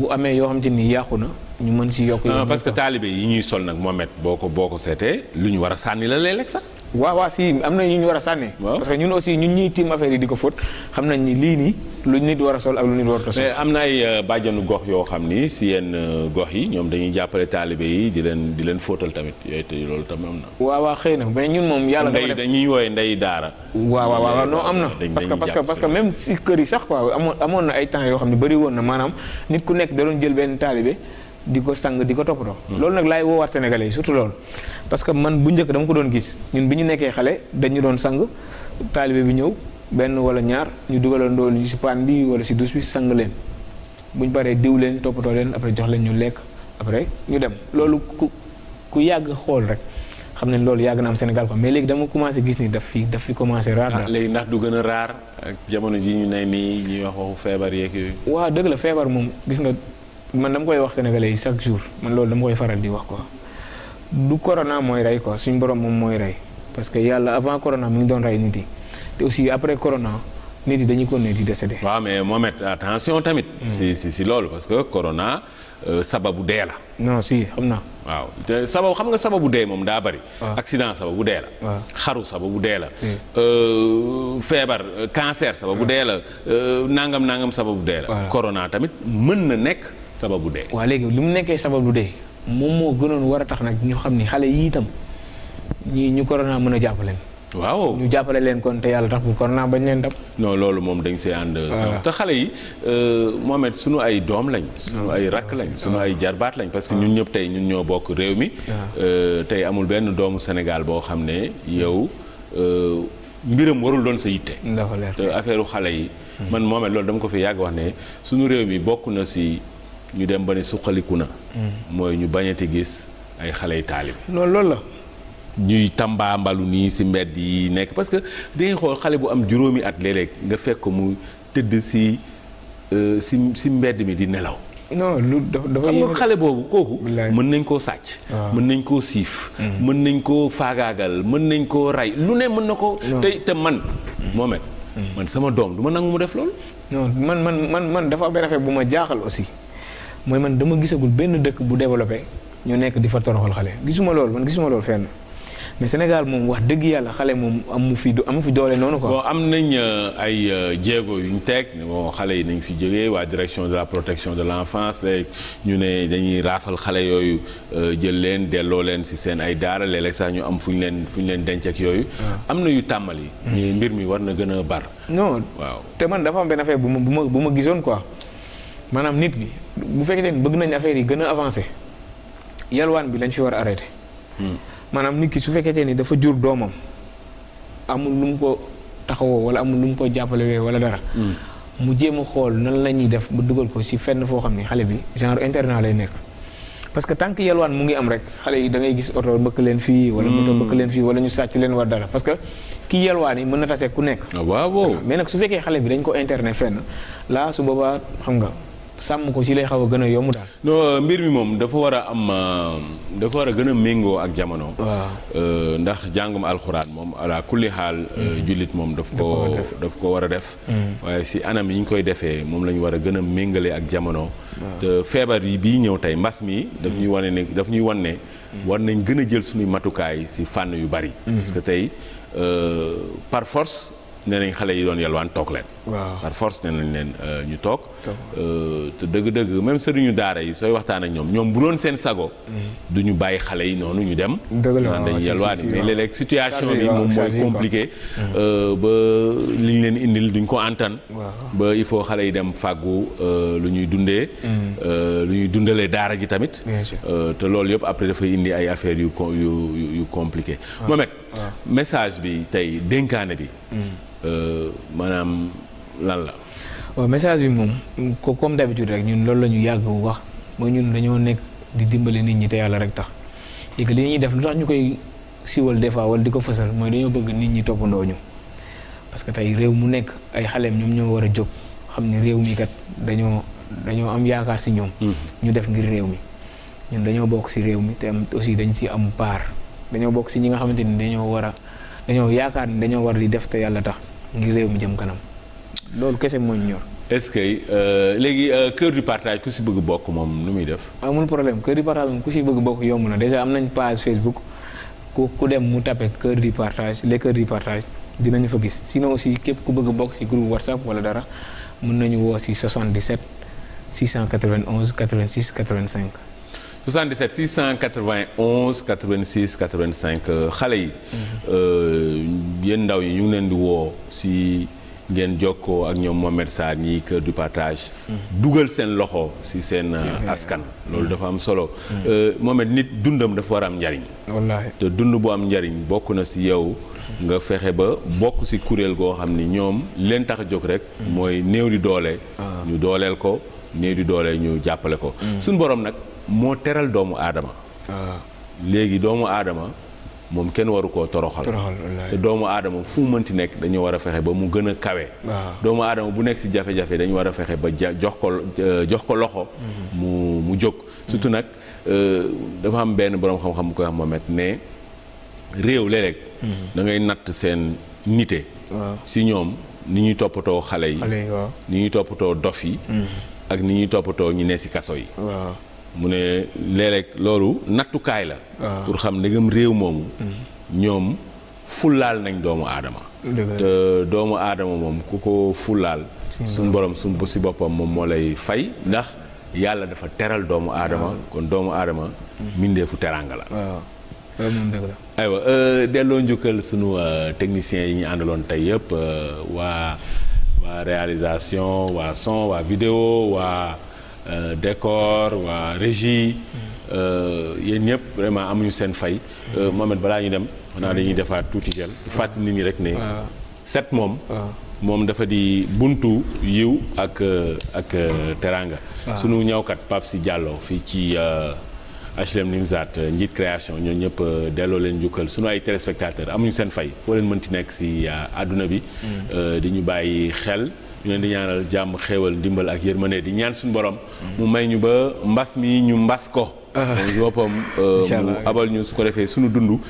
bu amee yoo xam te ni yàqu na ñu mën si yokk. non
parce que taalibe yi ñuy
sol nag Mohamed boo ko boo ko seetee lu ñu war a sànni la léeg-léeg sax. waaw waaw si am na ñu ñu war a sànni. parce que ñun aussi ñun ñuy tiim affaire yi di ko fóot xam nañ ni lii nii. lu nit war a sol ak lu nit warut a sol. mais
am na ay euh, bàjjanu gox yoo xam ni si yenn euh, gox yi ñoom dañuy jàppale taalibe yi di leen di leen fóotal tamit yooyu te loolu tamit am na.
xëy na mais ñun moom. yàlla dafa def
dañuy wooye ndey daara.
waaw waaw waaw non am na. parce que parce que parce que même si kër yi sax quoi amoon amoon na ay temps yoo xam ne bëri woon na maanaam nit ku nekk da doon jël benn taalibe. di ko sang di ko toppatoo. Hmm. loolu nag laay woowaat sénégalais yi surtout loolu. parce que man bu njëkk dama ko doon gis ñun bi ñu nekkee xale dañu doon sang taalibe bi ñëw benn wala ñaar ñu dugalandoo ñu si paan bi wala si douche bi sang leen bu ñu paree diw leen toppatoo leen après jox leen ñu lekk après ñu dem loolu ku ku yàgg xool rek xam ne loolu yàgg na am Sénégal ko mais léegi dama commencé gis ni daf fi daf fi commencé raar ah, daal. léegi
du gën a raar ak jamono ñu ne nii feebar yeeg yooyu.
waaw dëgg feebar moom gis nga man dama koy wax sénégalais yi chaque jour man loolu dama koy faral di wax ko du corona mooy rey ko suñu borom moom mooy rey parce que yàlla avant corona mi ngi doon rey nit yi. te aussi après corona nit yi dañu dañuy continuer di décédé.
waaw mais Mohamed attention tamit. Mm. si si loolu parce que corona euh, sababu dee la.
non si xam naa.
waaw xam nga sababu dee moom daa bari. Ah. accident sababu dee la. Ah. xaru sababu dee la. Euh, feebar euh, cancer sababu ah. dee la nangam nangam sababu dee la. corona
tamit mën na nekk sababu dee. waa léegi lu mu nekkee sababu dee moom moo gënoon war a tax nag ñu xam ni xale yii itam ñii ñu corona mën a jàppaleen waaw ñu jàppale leen kon te yàlla tax bu kon naa bañ leen dab. non loolu moom dañ see ànd. te xale yi euh,
Mohamed sunu ay doom lañ. sunu ay rakk ah, lañ sunu ay jarbaat lañ. parce que ah. ñun ñëpp tey ñun ñoo bokk réew mi. Ah. Euh, tey amul benn doomu Sénégal boo xam ne yow euh, mbiram warul doon sa yitte. te affaire xale yi. Hmm. man Mohamed loolu dama ko fi yàgg wax ne sunu réew mi bokk na si ñu dem ba ne suqaliku na. Hmm. mooy ñu bañati gis ay xale yu taalibe. loolu la. ñuy tambaambalu nii si mbedd yi nekk parce que dangay xool xale bu am juróomi at léeg nga fekk ko mu tëdd si si si mbedd mi di nelaw.
non lu dafa xam nga xale boobu kooku. mën nañ koo sàcc. Ah. mën
nañ koo siif. Mm-hmm. mën nañ koo faagaagal mën nañ koo rey lu ne mën na ko. te
man. Mm-hmm. Mohamed mm-hmm. man sama doom du ma nangu mu def loolu. non man man man man dafa am benn bu ma jaaxal aussi mooy man dama gisagul benn dëkk bu développé ñu nekk di fa toroxal xale gisuma loolu man gisuma loolu fenn. mais Sénégal moom wax dëgg yàlla xale moom am amu fi amu fi doole noonu ko
am nañ euh, ay euh, jéego yu ñu teg bon xale yi nañ fi jógee waa direction de la protection de l' enfance ñu ne dañuy raafal xale yooyu euh, jël leen delloo leen si seen ay daara léeg sax ñu am fu ñu leen fu ñu leen denc yooyu. Ah. am na yu tàmbali.
mbir mi war na gën a bar. non waaw te man dafa am benn affaire bu ma bu ma bu ma gisoon quoi maanaam nit ñi bu fekkee ne bëgg nañ affaire yi gën a avancé yalwaan bi lañ fi war a arrêté. Hmm. maanaam nit ki su fekkee ni dafa jur doomam amul lu mu ko taxawoo wala amul lu mu ko jàppale wee wala dara. Hmm. mu jéem a xool nan la ñuy def ba dugal ko ci fenn foo xam ni xale bi genre internat lay nekk. parce que tant que yalwaan mu ngi am rek xale yi da ngay gis oto bëkk leen fii. wala hmm. moto bëkk leen fii wala ñu sàcc leen war dara parce que kii yalwaan yi mën na tase ku nekk. Ah, waaw mais nag su fekkee xale bi dañ ko internet fenn laa su boobaa xam nga. sàmm ko ci lay xaw a gën a yomb daal. non euh, mbir mi moom dafa war a am euh, dafa war
a gën a méngoo ak jamono. Euh, ndax jàngum alxuraan moom ala kulli xaal. Hmm. jullit moom daf ko daf ko war a def. Hmm. waaye si anam yi ñu koy defee moom lañu war a gën a méngale ak jamono. te feebar yi bii ñëw tey mbas mi. daf ñuy wane ne daf ñuy wan ne. Hmm. war nañ gën a jël suñuy matukaay si fànn yu bari. parce que tey par nee nañ xale yi doon yalwaan toog leen. par force nee nañ leen euh, ñu toog. Euh, te dëgg-dëgg même sëriñu daara yi sooy waxtaan ak ñoom ñoom bu doon seen sago. Mm-hmm. du ñu bàyyi xale yi noonu ñu dem. dëgg la dañuy yalwaan mais léeg-léeg situation bi moom mooy compliqué. Mm-hmm. Euh, ba li leen indil duñ ko antan. ba il xale yi dem fàggu lu ñuy dundee.
Mm-hmm.
lu ñuy dundalee daara ji tamit. te loolu yëpp après dafay indi ay affaires yu yu yu compliqué. Ah. message bi tey dénkaane bi.
Hmm. Euh, maanaam lan la. waaw message bi moom ko comme d'habitude rek ñun loolu la ñu yàgg wax mooy ñun dañoo nekk di dimbale nit ñi te yàlla rek tax et que li ñuy def lu tax ñu koy siwal des fois wala di ko fësal mooy dañoo bëgg nit ñi toppandoo ñu. parce que tey réew mu nekk ay xalem ñoom ñoo war a jóg xam ni réew mi kat dañoo dañoo am yaakaar si ñoom. Hmm. ñu def ngir réew mi ñun dañoo bokk si réew mi te am aussi dañ ci am part. dañoo bokk si ñi nga xamante ni dañoo war a dañoo yaakaar ni dañoo war di def te yàlla tax ngir réew mi jëm kanam loolu kese mooy ñor.
est-ce que euh, léegi euh, cœur di partage ku si bëgg bokk moom nu muy def.
amul problème cœur du partage ku si bëgg bokk yomb na déjà am nañ page Facebook ku ku dem mu tapé kër di partage les cœurs du partage dinañu fa gis sinon aussi képp ku bëgg bokk si groupe WhatsApp wala dara mun nañu woo si 77 691 86 85.
77 691 86 85 euh, xale yi. Euh, yéen ndaw yi ñu ngi leen di woo si ngeen jokkoo ak ñoom Mohamed Sarr ñii Cœur du Partage. dugal seen loxo si seen. Euh, askan loolu mm. dafa am solo. Mm. Mohamed nit dundam dafa war am njariñ. te dund bu am njariñ bokk na si yow. nga fexe ba bokk ci kuréel goo xam ni ñoom leen tax jóg rek. Mm. mooy néew di doole. Ah. ñu dooleel ko néew di doole ñu jàppale ko. suñ borom nag. moo teral doomu aadama ah. léegi doomu aadama moom kenn waru koo toroxal te doomu aadama fu mu mënti nekk dañu war a fexe ba mu gën a kawe ah. doomu aadama bu nekk si jafe-jafe dañu war a fexe ba jox ko euh, jox ko loxo mm-hmm. mu mu jóg surtout mm-hmm. nag euh, dafa am benn boroom xam-xam bu koy wax Mohamed ne réew léeg mm-hmm. dangay natt seen nite ah. si ñoom ni ñuy toppatoo xale yi ni ñuy toppatoo dof yi ak ni ñuy toppatoo ñu ne si kaso yi mu ne léeg loolu nattukaay la. Ah. pour xam ndegam réew moomu. ñoom fullaal nañ doomu aadama. te doomu aadama moom ku ko fullaal. suñ borom suñ si boppam moom moo lay fay ndax yàlla dafa teral doomu aadama. Ah. kon doomu aadama. mbindeefu teraanga la.
Ah.
aywa euh, delloo njukkal sunu euh, techniciens yi ñu àndaloon tey yëpp euh, waa waa réalisation waa son waa vidéo waa. Euh, décor waa régie euh, yéen ñëpp vraiment amuñu seen fay euh, Mohamed balaa ñu dem xanaa dañuy defaat tuuti gel fàttali nit ñi rek ne ah. set moom ah. moom dafa di buntu yiw ak ak teraanga ah. sunu ñawkat Pape Si Diallo fii ci HLM Nimzat njiit création ñoo ñëpp delloo leen njukkal sunu ay téléspectateurs amuñu seen fay foo leen mënti nekk si àdduna bi mm. di ñu bàyyi xel ñu di ñaanal jàmm xewal ndimbal ak yërmande di ñaan suñu borom. mu may ñu ba mbas mi ñu mbas ko. donc ah. boppam euh, mu abal ñu su ko defee suñu dund.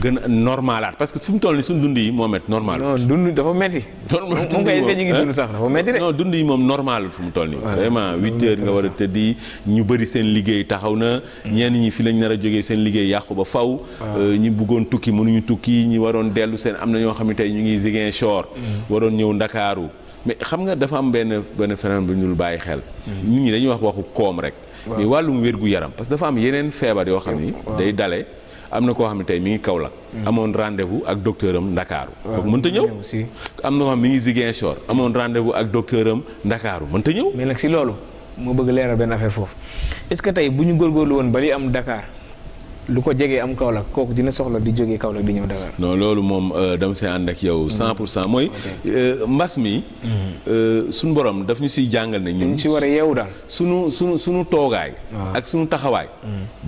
gën a normalaat parce que su mu toll nii suñ dund yi moo met normal. non
dund dafa metti. moom kay est-ce sax
dafa metti dund yi moom normal fu mu toll nii. vraiment huit heures nga war a tëddi ñu bëri seen liggéey taxaw na. Hmm. ñenn ñi fi lañ nar a jógee seen liggéey yàqu ba faw. Ah. Euh, ñu bëggoon tukki mënuñu tukki ñi waroon dellu seen am na ñoo xam ne tey ñu ngi Ziguinchor. Hmm. waroon ñëw Ndakaaru mais xam nga dafa am benn benn phénomène bu ñu bàyyi xel. Hmm. nit ñi dañuy wax waxu koom rek. mais wàllum wér-gu-yaram parce que dafa am yeneen feebar yoo xam ni. day dale am na koo xam ne tey mi ngi Kaolack. Hmm. amoon rendez-vous ak docteur am Ndakaaru. kooku mënta ñëw am na mi ngi Ziguinchor amoon rendez-vous ak docteur am Ndakaaru mënta ñëw. mais nag si loolu
moo bëgg leeral benn affaire foofu est-ce que tey bu ñu góorgóorlu woon ba li am Dakar. lu ko jegee am Kaolack kooku dina soxla di jógee la di ñëw Dakar.
non loolu moom euh, dama see ànd ak yow. 100 pour cent mooy. Euh, mbas mi. Mhm. Euh, suñu borom daf ñu siy jàngal ne ñun. ci war a yeewu daal. sunu sunu sunu toogaay. ak sunu taxawaay.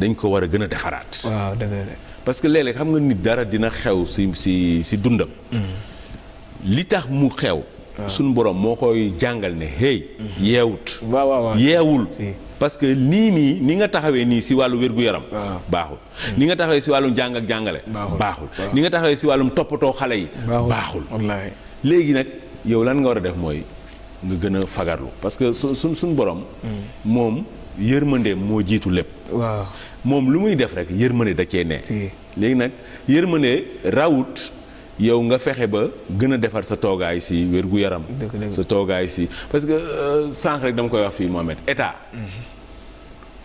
Mhm. ko war a gën a defaraat. waaw parce que léeg-léeg nga nit dara dina xew si si si dundam. Mhm. li tax mu xew. suñu borom moo koy jàngal ne hey. yeewut. yeewul. parce que nii nii ni nga taxawee nii si wàllu wér-gu-yaram ah. baaxul ni nga taxawee si wàllu jàng ak jàngale baaxul ni nga taxawee si wàllum toppatoo xale yi baaxul léegi nag yow lan nga war a def mooy nga gën a fagarlu parce que su suñ borom hmm. moom yërmandeem moo jiitu lépp waaw moom lu muy def rek yërmande da cee ne léegi nag yërmande rawut yow nga fexe ba gën a defar sa toogaay si wér-gu-yaram sa toogaay si parce que euh, sànq rek dama koy wax fii Mohamed état mm-hmm.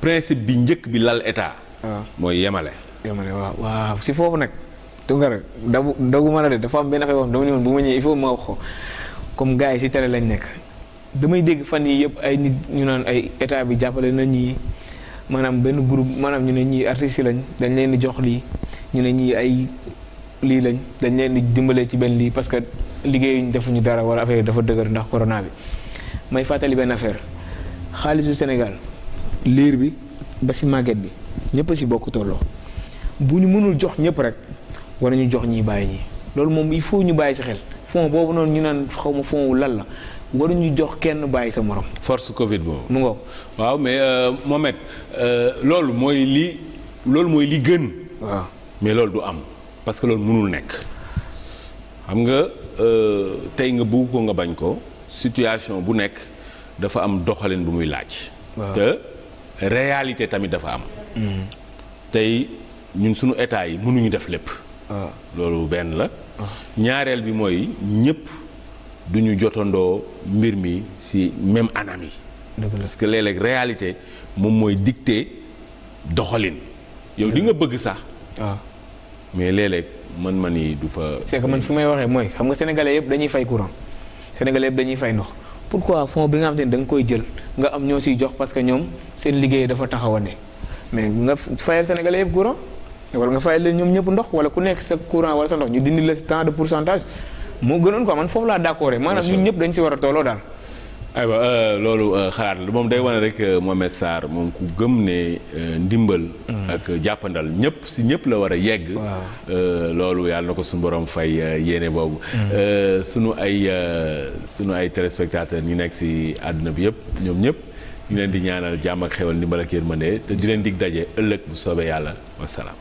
principe bi njëkk bi lal état ah. mooy yemale
yemale waaw waaw si foofu nag Tounkara dabu bu mën a de dafa am benn affaire wax dama ne bu ma ñëwee il faut ma wax comme gars yi si télé lañ nekk damay dégg fan yii yëpp ay nit ñu naan ay état bi jàppale na ñii maanaam benn groupe maanaam ñu ne ñii artistes yi lañ dañ leen di jox lii ñu ne ñii ay lii lañ dañ leen di dimbalee ci benn lii parce que liggéeyuñ defuñu dara wala affaire dafa dëgër ndax corona bi may fàttali benn affaire xaalisu Sénégal liir bi ba si màgget bi ñëpp a si bokk tolloo bu ñu mënul jox ñëpp rek war nañu jox ñiy bàyyi loolu moom il faut ñu bàyyi si xel fond boobu noonu ñu naan xawma ma fond wu lan la ñu jox kenn bàyyi sa moroom force Covid boobu.
mu ngoog waaw mais euh, Mohamed euh, loolu mooy li loolu mooy lii gën. waaw mais loolu du am. parce que loolu mënul nekk xam nga euh, tey nga bugg ko nga bañ ko situation bu nekk dafa am doxalin bu muy laaj. te réalité tamit dafa am. Mm-hmm. tey ñun suñu état yi mënuñu def lépp. Ah. loolu benn la. Ah. ñaareel bi mooy ñëpp du ñu jotandoo mbir mi si même anam yi. parce que léeg réalité moom mooy dicter doxalin. yow di nga bëgg sax. Ah. mais léeg-léeg man man yi du fa.
c'est man fi may waxee mooy xam nga sénégalais yëpp dañuy fay courant sénégalais yëpp dañuy fay ndox pourquoi fond bi nga xam te ne da nga koy jël nga am ñoo siy jox parce que ñoom seen liggéey dafa taxawane mais nga fayal sénégalais yëpp courant wala nga fayal leen ñoom ñëpp ndox wala ku nekk sa courant wala sa ndox ñu dindi la si temps de pourcentage moo gënoon ko man foofu laa d'accord maanaam ñun ñëpp dañ si war a tooloo daal aywa euh, loolu euh, xalaat la moom
day wane rek euh, Mohamed Sarr moom ku gëm ne ndimbal. Mm. ak jàppandal ñëpp si ñëpp la war a yegg. loolu yàlla na ko su borom fay yéene boobu. Mm. sunu ay sunu ay téléspectateurs ñu nekk si àdduna bi yëpp ñoom ñëpp ñu leen di ñaanal jàmm ak xewal ndimbal ak yërmande te di leen dig daje ëllëg bu soobee yàlla wasalaam.